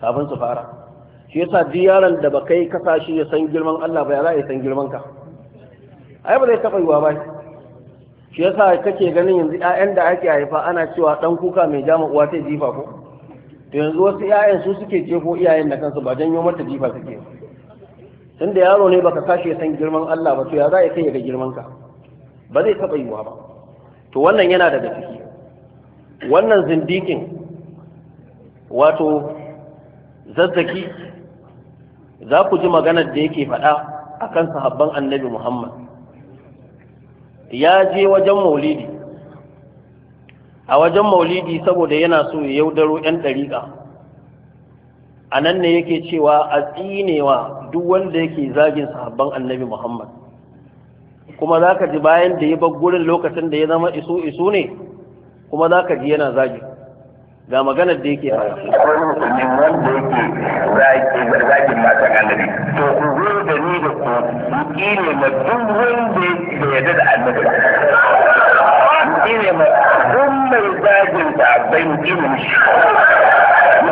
kafin su fara shi yasa duk yaron da ba kai kasa shi ya san girman Allah ba ya za a san girman ka ai ba zai taɓa yiwa ba shi yasa kake ganin yanzu ƴaƴan da ake haifa ana cewa ɗan kuka mai jama uwa ta jifa ko to yanzu wasu ƴaƴan su suke jefo iyayen da kansu ba janyo mata jifa suke tunda yaro ne baka kashi ya san girman Allah ba to ya za a kai ya ga girman ka ba zai taɓa yiwuwa ba to wannan yana daga ciki wannan zindikin wato zazzaki za ku ji maganar da yake faɗa a kan sahabban annabi muhammad ya je wajen maulidi a wajen maulidi saboda yana so ya yaudaro 'yan ɗariƙa a nan ne yake cewa a tsinewa duk wanda yake zagin sahabban annabi muhammad kuma za ka ji bayan da ya bar gurin lokacin da ya zama isu isu ne kuma za ka ji yana zagi ga maganar da yake fara. Akwai musulmin wanda yake zagin matan annabi. To ku zo da ni da ku ki ne ma duk wanda ya yarda da annabi. Ki ne ma duk mai zagin da ginin shi.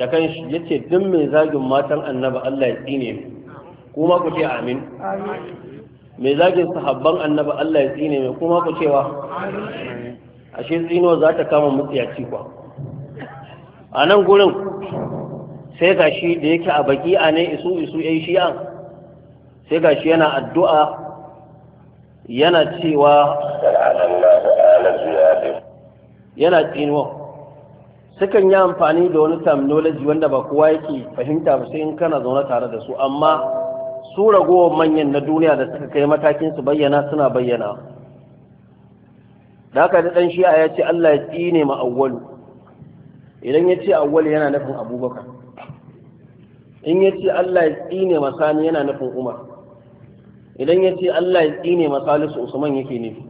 da kan shi ya ce duk mai zagin matan annaba Allah ya tsine kuma ku ce amin mai zagin sahabban annaba Allah ya tsine mu kuma ku cewa ashe tsino za ta kama ci kwa a nan gurin sai ga shi da yake a baki a ne isu isu shi an sai ga shi yana addu'a yana cewa yana tsinuwa sukan yi amfani da wani terminology wanda ba kowa yake fahimta ba sai in kana zaune tare da su amma su ragowar manyan na duniya da suka kai matakin su bayyana suna bayyana da haka da dan shi ya ce Allah ya tsine ma awwalu idan ya ce awwalu yana nufin abubakar in ya ce Allah ya tsine ma sani yana nufin umar idan ya ce Allah ya tsine ma salisu usman yake nufi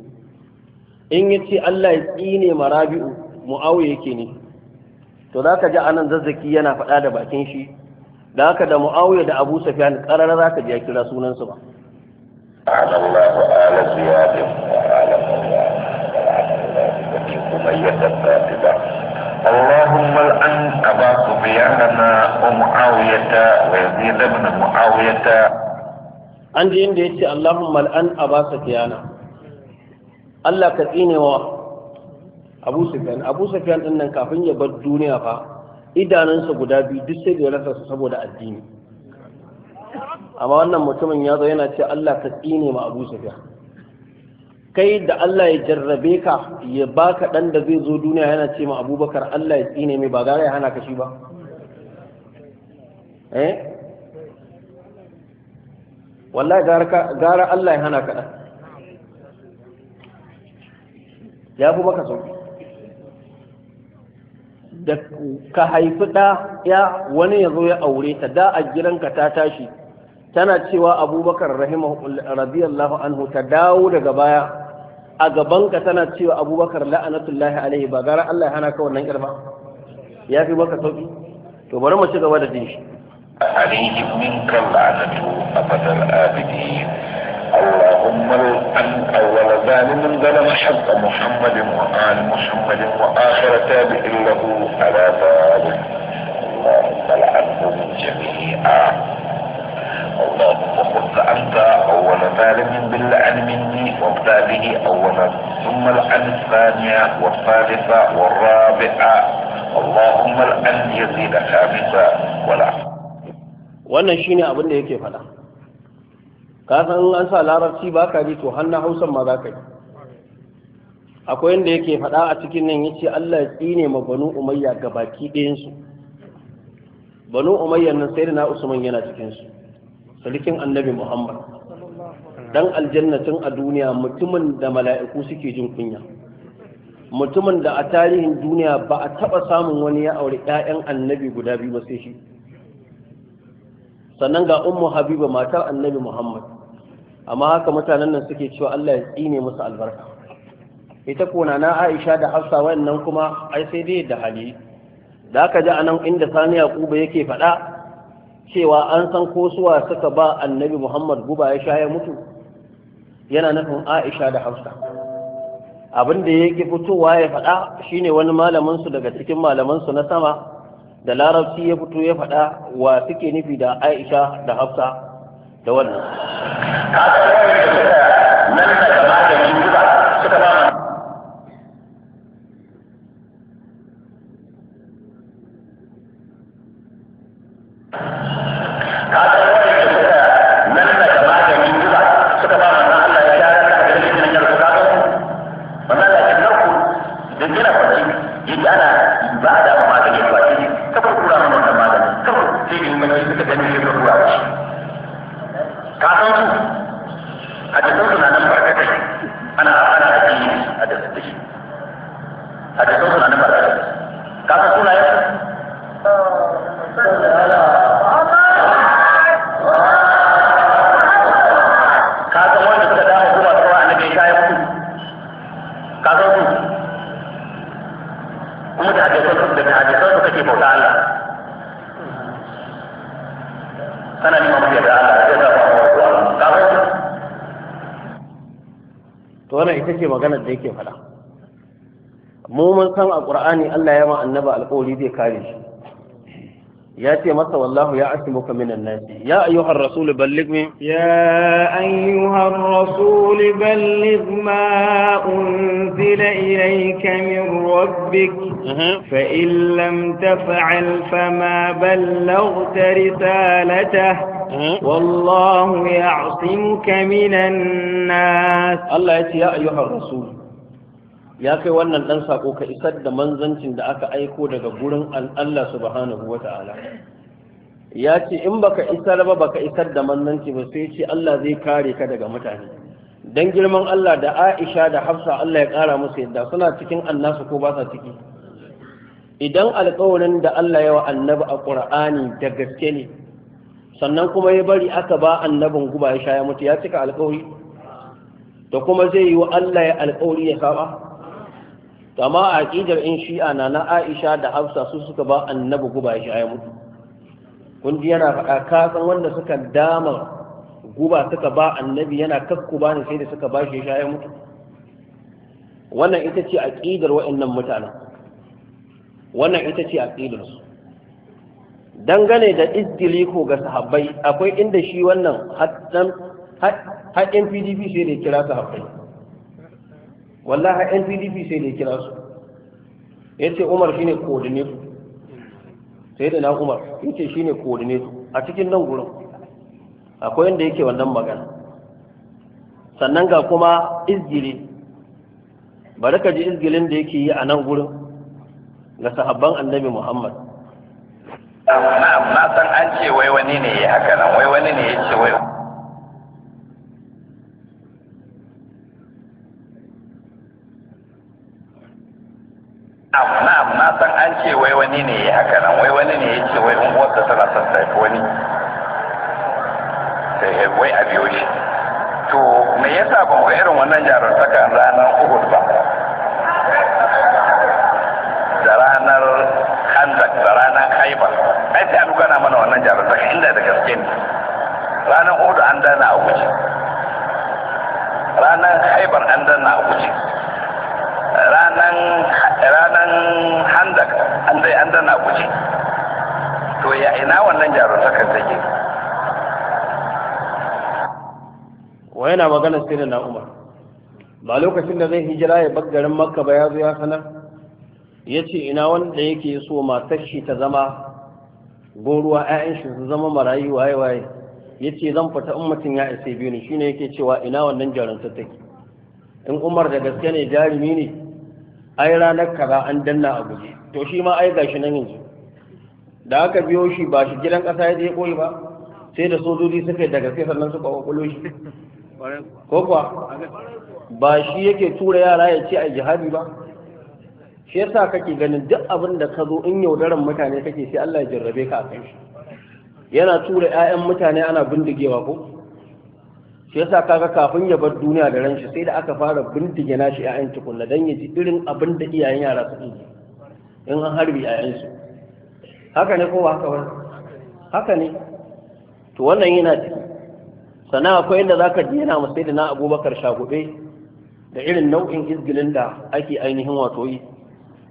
in ya ce Allah ya tsine ma rabi'u mu'awiya yake nufi to za ka ji a nan zazzaki yana faɗa da bakin shi da haka da mu'awiyar da abu safiyan ƙarara za ka ji ya kira sunansu ba اللهم الآن أبا سفيان ومعاوية ويزيد بن معاوية عندي عندي inda ya ce Allahumma al'an a ba abu sufyan abu sufyan din nan kafin ya bar duniya fa idanunsa guda biyu duk sai da rasa su saboda addini amma wannan mutumin ya zo yana ce Allah ka tsine ma abu sufyan kai da Allah ya jarrabe ka ya baka dan da zai zo duniya yana ce ma abubakar Allah ya tsine mai ba gara ya hana ka shi ba eh wallahi gara Allah ya hana ka dan ya fi maka sauki da ka haifi ɗa ya wani ya zo ya aure ta da a gidanka ta tashi tana cewa abubakar radiyallahu anhu ta dawo daga baya a gabanka tana cewa abubakar la'anatullahi alaihi ba gara Allah ya hana ka wannan irma ya fi maka sauki to bari mu ci gaba da jin shi عليهم منك اللعنة أبدا الآبدين اللهم أن أول ظالم ظلم حق محمد وآل محمد وآخر تابع له على ظالم اللهم لعنهم جميعا اللهم خذ أنت أول ظالم باللعن مني وابدأ به أولا ثم العن الثانية والثالثة والرابعة اللهم العن يزيد خامسا ولا wannan shine abin da yake ka san an sa larabci ba ka bi to hannun hausan ma za ka yi akwai yadda yake faɗa a cikin nan yace Allah ya tsine ma banu umayya ga baki ɗayansu banu umayya nan sai da na usman yana cikinsu salikin annabi muhammad dan aljannatin a duniya mutumin da mala'iku suke jin kunya mutumin da a tarihin duniya ba a taɓa samun wani ya aure 'ya'yan annabi guda biyu ba sai shi sannan ga ummu habiba matar annabi muhammad amma haka mutanen nan suke cewa Allah ya tsine musu albarka ita kona na Aisha da Hafsa wannan kuma ai sai dai da hali da aka ji anan inda Sani Yakubu yake faɗa cewa an san ko suwa suka ba Annabi Muhammad guba ya sha ya mutu yana nufin Aisha da Hafsa abin da yake fitowa ya faɗa shine wani malamin su daga cikin malaman su na sama da larabci ya fito ya faɗa wa suke nufi da Aisha da Hafsa da wannan kaga wannan duka nan daga magani alƙawari zai kare shi ya ce masa wallahu ya asimuka minan nas ya ayyuhar rasul balligh min ya ayyuhar rasul balligh ma unzila ilayka min rabbik fa in lam taf'al fama ballaghta risalatahu والله يعصمك من الناس الله يا أيها الرسول ya kai wannan dan sako ka isar da manzancin da aka aiko daga gurin Allah subhanahu wata'ala ya ce in baka isar ba baka isar da manzanci ba sai ce Allah zai kare ka daga mutane dan girman Allah da Aisha da Hafsa Allah ya kara musu yadda suna cikin annasu ko ba sa ciki idan alƙawarin da Allah ya wa annabi a Qur'ani da gaske ne sannan kuma ya bari aka ba annabin guba ya sha ya mutu ya cika alƙawari da kuma zai yi wa Allah ya alƙawari ya saba amma a aqidar in shi'a na na Aisha da Hafsa su suka ba annabi guba shi ya mutu kun ji yana faɗa ka san wanda suka dama guba suka ba annabi yana kakku ba ne sai da suka ba shi ya mutu wannan ita ce aqidar wa'annan mutanen wannan ita ce aqidar su dangane da izdiliko ga sahabbai akwai inda shi wannan haɗin pdp sai da kira sahabbai wallaha npdp sai da ya kira su ya ce umar shine coordinator sai da na umar ya ce shine coordinator a cikin nan gurin akwai yadda yake wannan magana sannan ga kuma izgili bari ka ji izgilin da yake yi a nan gurin ga sahabban annabi muhammad na san an ce wai wani ne ya haka nan wai wani ne ya ce wai an ce wai wani ne ya haka nan wai wani ne ya ce wai unguwarsa tana son tafi wani sai eh, wai a biyo shi to me yasa ban ga irin wannan saka ranar uhud ba da ranar handak da ranar haiba ai sai a gana mana wannan saka inda da gaske ne ranar uhud an dana a wuce, ranar haibar an dana a wuce. sai an dana guji? to ya ina wannan jarumtakar take wa yana magana sai da na umar ba lokacin da zai hijira ya bar garin makka ba ya zo ya sanar ya ce ina wanda yake so matar shi ta zama goruwa 'ya'yan shi su zama marayu waye waye ya ce zan fita in mutum ya isa biyu ne shine yake cewa ina wannan ta take in umar da gaske ne jarumi ne ai ranar kaza an danna a guje to shi ma ai gashi nan yanzu da aka biyo shi ba shi gidan ƙasa ya je ya koyi ba sai da sojoji suka yi daga sai sannan suka kwakwalo shi ko kuwa ba shi yake tura yara ya ce a jihadi ba shi yasa kake ganin duk abin da ka zo in yaudaran mutane kake sai Allah ya jarrabe ka a kai yana tura 'ya'yan mutane ana bindigewa ko shi yasa kaga kafin ya bar duniya da ran shi sai da aka fara bindige nashi 'ya'yan tukunna dan ya ji irin abin da iyayen yara suke yi in an harbi yayansu haka ne ko haka wani haka ne to wannan yana ciki sannan akwai inda za ka ji yana masai da na abubakar shagube da irin nau'in izgilin da ake ainihin wato yi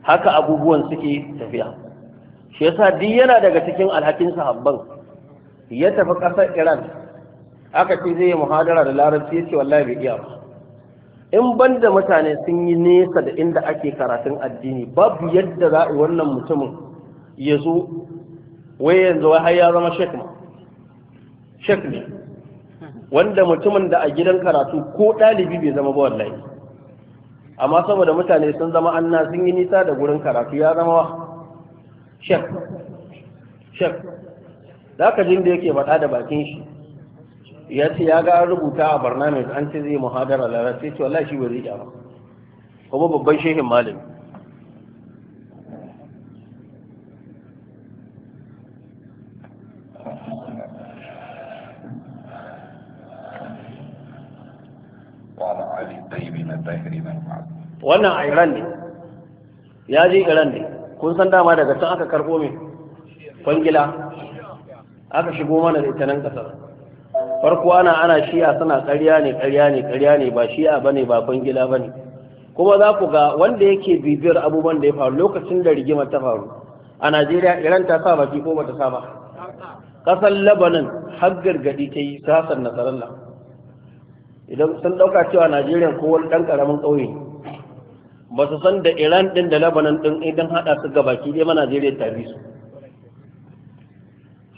haka abubuwan suke tafiya shi yasa di yana daga cikin alhakin sahabban ya tafi ƙasar iran aka ce zai yi muhadara da larabci ya ce wallahi bai iya ba in banda mutane sun yi nesa da inda ake karatun addini babu yadda za a wannan mutumin ya zo wai yanzu wai har ya zama shek ne wanda mutumin da a gidan karatu ko ɗalibi bai zama ba wallahi amma saboda mutane sun zama anna sun yi nisa da gurin karatu ya zama wa shek shek da aka jin da yake faɗa da bakin shi ya ce ya ga rubuta a barnamis an ce zai muhadara lara sai ce wallahi shi ya zai ba kuma babban shehin malami wannan a iran ne ya je iran ne kun san dama daga can aka karɓo mai kwangila aka shigo mana da ita nan farko ana ana shi'a suna ƙarya ne ƙarya ne ƙarya ne ba shi'a bane ba kwangila bane kuma za ku ga wanda yake bibiyar abubuwan da ya faru lokacin da rigimar ta faru a Najeriya Iran ta sa baki ko bata sa ba kasar labanin har gargaɗi ta yi sasan Nasarallah idan sun dauka cewa Najeriya ko wani dan karamin ƙauye ba su san da Iran din da labanin ɗin idan haɗa su ga baki dai ma Najeriya ta bi su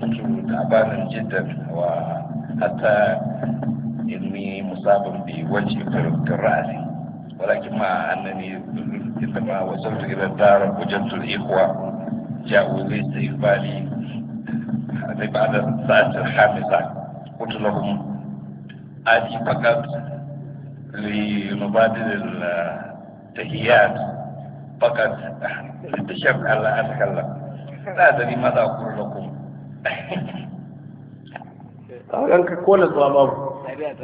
كنت تعبانا جدا وحتى إني مصاب بوجع في رأسي ولكن مع أنني عندما وصلت إلى الدار وجدت الإخوة جاءوا لاستقبالي بعد الساعة الخامسة قلت لهم آتي فقط لنبادل التحيات فقط للتشفع لا أتكلم لا أدري ماذا أقول لكم kagan ka kona tsuwa babu ƙarya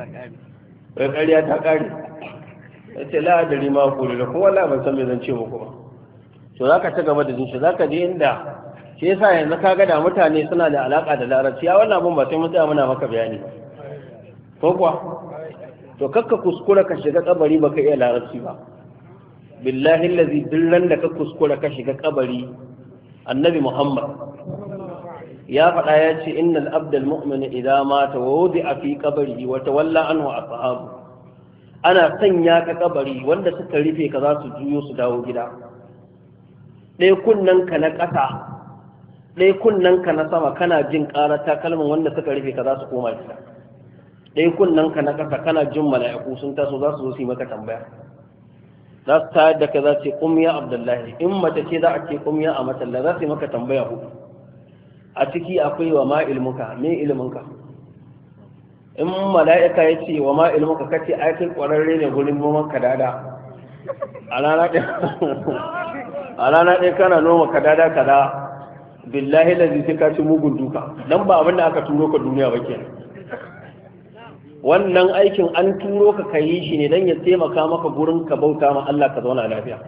ƙarya ta ƙari. ya ce la'adari ma kuri da kuma la ban san me zan ce muku ba to za ka ta gaba da jin za ka je inda shi sa yanzu ka gada mutane suna da alaƙa da larabci ya wannan abin ba sai mun tsaya muna maka bayani ko kuwa to kakka kuskura ka shiga kabari baka iya larabci ba billahi allazi dillan da ka kuskura ka shiga kabari annabi muhammad ya faɗa ya ce innal abdal mu'min idza mata wa wudi'a fi qabrihi wa tawalla anhu ashabu ana sanya ka kabari wanda suka rufe ka za su juyo su dawo gida ɗaya kunnen ka na ƙasa ɗaya kunnen ka na sama kana jin ƙara takalmin wanda suka rufe ka za su koma gida ɗaya kunnen ka na ƙasa kana jin mala'iku sun taso za su zo su yi maka tambaya za su tayar da ka za su ce kum ya abdullahi in mace ce za a ce kum a matalla za su yi maka tambaya hudu a ciki akwai wa ma ilmuka me ilminka in mala'ika ya ce wa ma ilmuka kace ai kai kwararre ne gurin noman kadada a rana ɗaya kana noma kadada kaza billahi lazi sai ka ci mugun duka dan ba abinda aka turo ka duniya ba kenan wannan aikin an turo ka kayi shi ne dan ya taimaka maka gurin ka bauta ma Allah ka zauna lafiya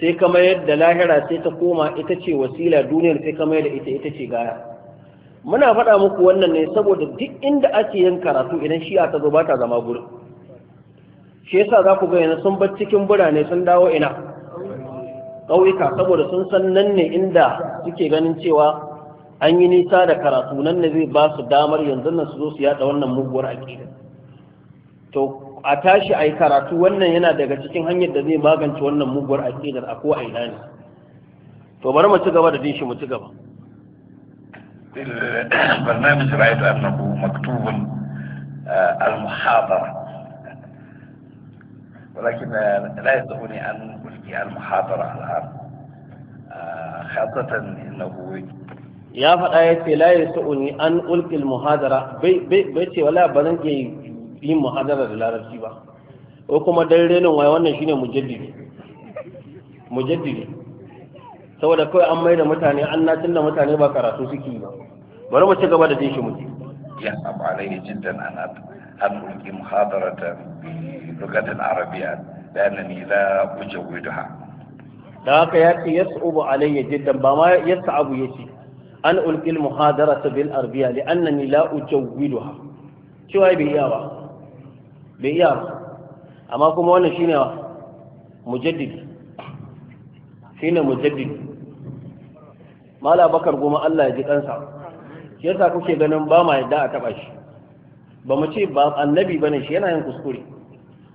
sai kama yadda lahira sai ta koma ita ce wasila duniyar sai kama yadda ita ita ce gaya muna faɗa muku wannan ne saboda duk inda ake yin karatu idan shi'a ta zo ba ta zama guri shi yasa za ku gani sun bar cikin birane sun dawo ina ƙauyuka saboda sun san nan ne inda suke ganin cewa an yi nisa da karatu nan ne zai ba su damar yanzu nan su zo su yaɗa wannan muguwar aƙida to a tashi a yi karatu wannan yana daga cikin hanyar da zai magance wannan muguwar aƙidar a ko a ina ne to bari mu ci gaba da dishi mu ci gaba برنامج رأيت أنه مكتوب المحاضرة ولكن لا يستطيعني أن ألقي المحاضرة الآن خاصة إنه يا فتاة لا يستطيعني أن ألقي المحاضرة بيتي ولا بنجي yin muhadara da larabci ba ko kuma dan renin waya wannan shine mujaddidi mujaddidi saboda kawai an mai da mutane an na da mutane ba karatu suke yi ba bari mu ci gaba da jin shi mutum ya abu alaihi jiddan ana an ulki muhadaratan bi lugatin arabiyya lanani la ujawwiduha da haka ya ce yas'ubu alayya jiddan ba ma yas'abu yace an ulki muhadarata bil arabiyya lanani la ujawwiduha cewa bai iya ba bai iya amma kuma wannan shine mujaddid shine mujaddid goma Allah ya ji kansa shi kuke ganin ba ma yadda a taba shi ba mu ce ba annabi ne shi yana yin kuskure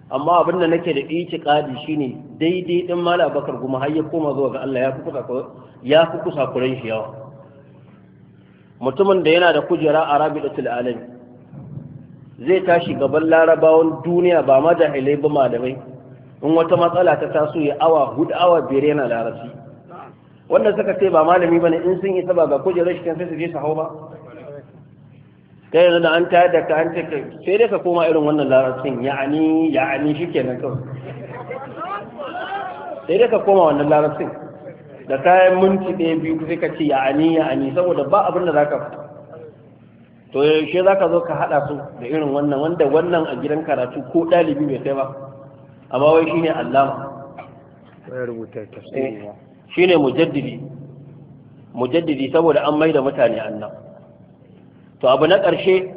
amma abin da nake da itiqadi shine daidai din mala bakar goma har ya koma zuwa ga Allah ya fi kusa kuren shi yawa mutumin da yana da kujera a rabi'atul alamin zai tashi gaban larabawan duniya ba ma jahilai ba malamai in wata matsala ta taso ya awa hudu awa biyar yana larabci wanda suka ce ba malami bane in sun yi saba ga kujerar shi kan sai su je su hau ba kai yanzu da an tayar da ka an ce sai dai ka koma irin wannan larabcin ya'ani ya'ani shikenan kawai sai dai ka koma wannan larabcin da kayan minti ɗaya biyu sai ka ce ya'ani ya'ani saboda ba abin da za ka fita to yaushe za ka zo ka haɗa su da irin wannan wanda wannan a gidan karatu ko ɗalibi mai kai ba amma wai shi ne allama eh, shi ne mujaddidi mujaddidi saboda an mai da mutane annan to abu na ƙarshe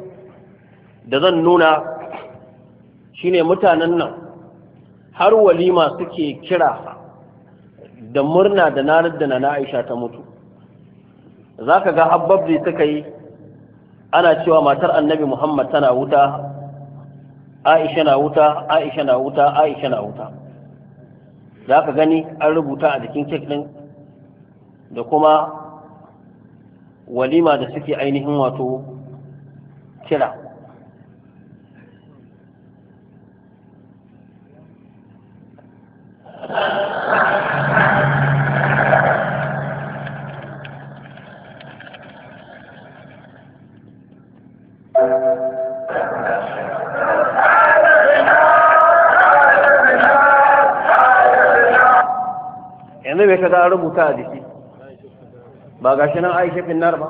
da zan nuna shi ne mutanen nan har walima suke kira da murna da nanar da na aisha ta mutu za ka ga habbabdi suka yi ana cewa matar annabi muhammad tana wuta aisha na wuta aisha na wuta aisha na wuta za ka gani an rubuta a jikin kek ɗin da kuma walima da suke ainihin wato kira ka za a rubuta a jiki ba ga shi nan aisha finnar ba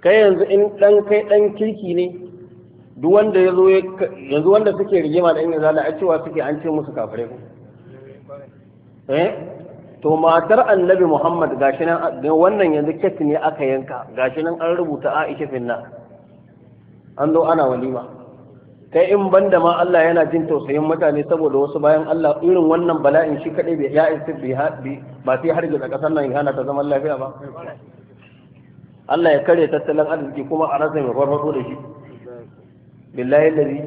kai yanzu in ɗan kai dan kirki ne duk wanda ya zo yanzu wanda suke rigima da inda zala a cewa suke an ce musu kafirai ku eh to matar annabi muhammad gashi nan wannan yanzu kes ne aka yanka gashi nan an rubuta aisha finna an zo ana walima kai in banda ma Allah yana jin tausayin mutane saboda wasu bayan Allah irin wannan bala'in shi kadai bai ya isa ba sai har gida kasar nan yana ta zaman lafiya ba Allah ya kare tattalin arziki kuma a rasa mai farfado da shi billahi ladi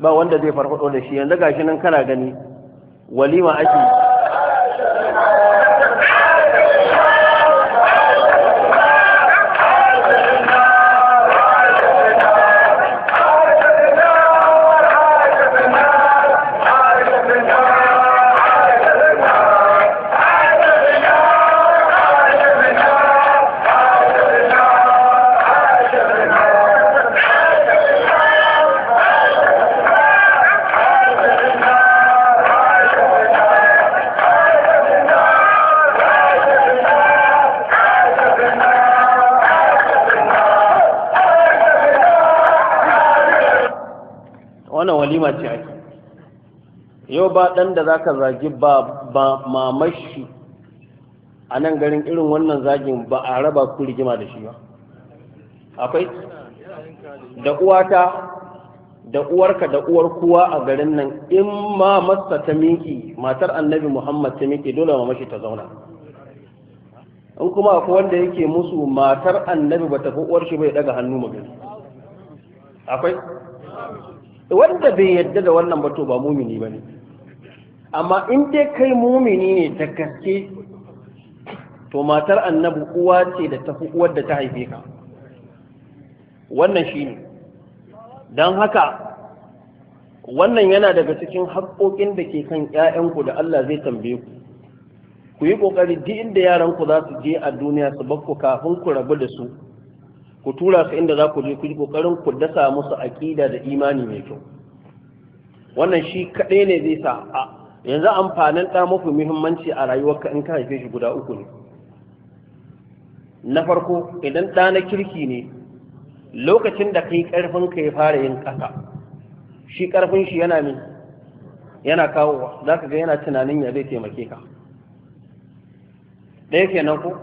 ba wanda zai farfado da shi yanzu gashi nan kana gani walima ake rigima ce ake yau ba ɗan da za ka zagi ba mamashi a nan garin irin wannan zagin ba a raba ku rigima da shi ba akwai da uwata da uwarka da uwar kuwa a garin nan in ma masa ta miki matar annabi muhammad ta miki dole mamashi ta zauna in kuma ku wanda yake musu matar annabi ba ta fi uwar shi bai daga hannu magana akwai wanda bai yadda da wannan ba to ba mumini ba amma in dai kai mumini ne ta gaske to matar annabi uwa ce da tafi uwar da ta haife ka wannan shi ne don haka wannan yana daga cikin haƙoƙin da ke kan 'ya'yanku da Allah zai tambaye ku ku yi ƙoƙari duk inda yaranku za su je a duniya su bakku kafin ku rabu da su ku tura su inda za ku je ku yi kokarin ku dasa musu aƙida da imani mai kyau wannan shi kaɗai ne zai sa a yanzu amfanin ɗa mafi muhimmanci a rayuwar ka in ka haife shi guda uku ne na farko idan ɗa na kirki ne lokacin da kai karfin ka ya fara yin kasa shi karfin shi yana min yana kawowa za ga yana tunanin ya zai taimake ka ɗaya kenan ko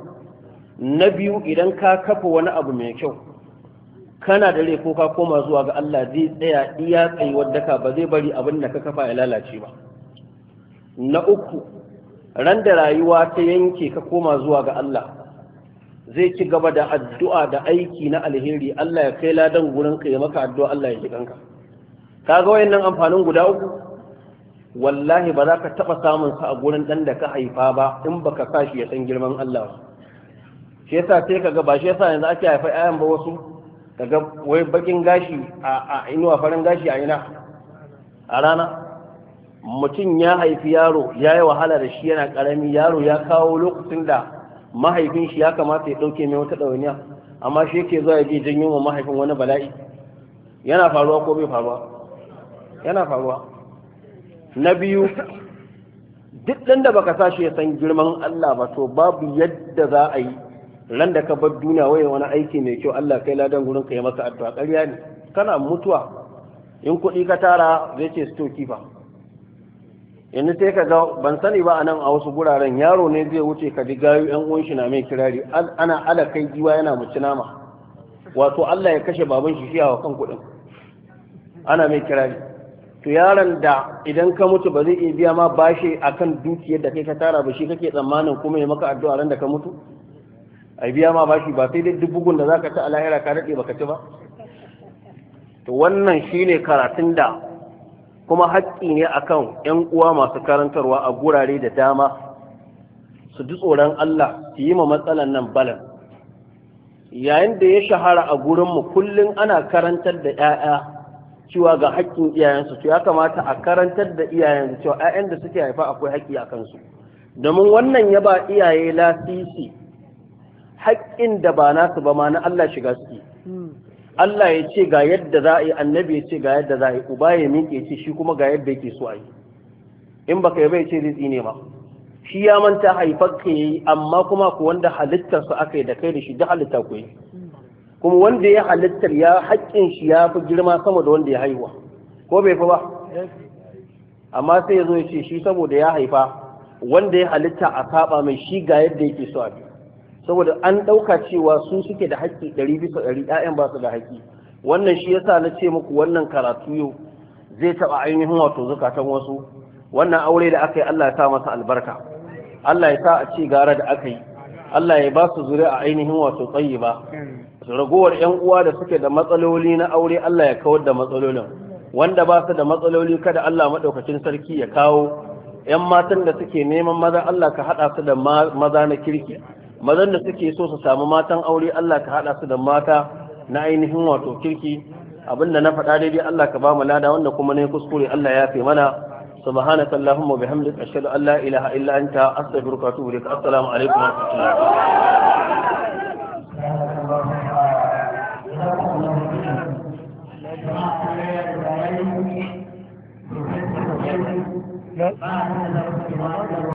na biyu idan ka kafa wani abu mai kyau kana da rai ko ka koma zuwa ga Allah zai tsaya iya tsayuwar daka ba zai bari abin da ka kafa ya lalace ba na uku ran da rayuwa ta yanke ka koma zuwa ga Allah zai ci gaba da addu'a da aiki na alheri Allah ya kai ladan gurin ka ya maka addu'a Allah ya ji kanka kaga wayannan amfanin guda uku wallahi ba za ka taba samun sa a gurin dan da ka haifa ba in baka kashi ya san girman Allah ba shi yasa sai ka ga ba shi yasa yanzu ake haifar ayan ba wasu kaga wai bakin gashi a inuwa farin gashi a ina a rana mutum ya haifi yaro ya yi wahala da shi yana karami yaro ya kawo lokacin da mahaifin shi ya kamata ya dauke mai wata ɗawainiya amma shi yake zuwa ya je janyo wa mahaifin wani bala'i yana faruwa ko bai faruwa yana faruwa na biyu duk ɗanda da baka sa shi ya san girman Allah ba to babu yadda za a yi ran da ka bar duniya waye wani aiki mai kyau Allah kai ladan gurin ka yi maka addu'a ƙarya ne kana mutuwa in kuɗi ka tara zai ce sto kifa yanzu sai ka ga ban sani ba anan a wasu guraren yaro ne zai wuce ka ji gayu Ƴan uwan shi na mai kirari ana ala kai giwa yana mace nama wato Allah ya kashe baban shi shiyawa kan kuɗin ana mai kirari to yaron da idan ka mutu ba zai iya biya ma bashi akan dukiyar da kai ka tara ba shi kake tsammanin kuma ya maka addu'a ran da ka mutu a biya ma bashi ba sai dai duk bugun da zaka ci a lahira ka daɗe ka ci ba to wannan shine karatun da kuma haƙƙi ne akan ƴan uwa masu karantarwa a gurare da dama su ji tsoron Allah su yi ma matsalan nan balan yayin da ya shahara a gurinmu kullum ana karantar da 'ya'ya cewa ga haƙƙin iyayensu to ya kamata a karantar da iyayensu cewa 'ya'yan da suke haifa akwai haƙƙi a kansu domin wannan ya ba iyaye lasisi haƙƙin da ba nasu ba ma na Allah shiga suke hmm. Allah ya ce ga yadda za a yi annabi ya ce ga yadda za a yi uba ya miƙe ce shi kuma ga yadda yake so a yi in baka yi bai ce zai tsine ma shi ya manta haifar ka yi amma kuma ku wanda halittar su aka yi da kai da shi da halitta ku yi hmm. kuma wanda ya halittar ya shi ya fi girma sama da wanda ya haihuwa ko bai fi ba amma sai ya zo ya ce shi saboda ya haifa wanda ya halitta a saba mai shi ga yadda yake so a yi. saboda an ɗauka cewa su suke da haƙƙi ɗari bisa ɗari ƴaƴan ba su da haƙƙi wannan shi yasa na ce muku wannan karatu yau zai taɓa ainihin wato zukatan wasu wannan aure da aka yi Allah ya sa masa albarka Allah ya sa a ci gara da aka yi Allah ya ba su a ainihin wato tsayi ba ragowar yan uwa da suke da matsaloli na aure Allah ya kawar da matsalolin wanda ba su da matsaloli kada Allah maɗaukacin sarki ya kawo yan matan da suke neman maza Allah ka haɗa su da maza na kirki mazan da suke so su samu matan aure Allah ka haɗa su da mata na ainihin wato kirki abinda na faɗa daidai Allah ka bamu mu lada wanda kuma ne kuskure Allah ya fi mana subhanaka allahumma bihamdika ashhadu an la ilaha illa anta astaghfiruka wa atubu ilaik assalamu alaikum wa rahmatullahi wa barakatuh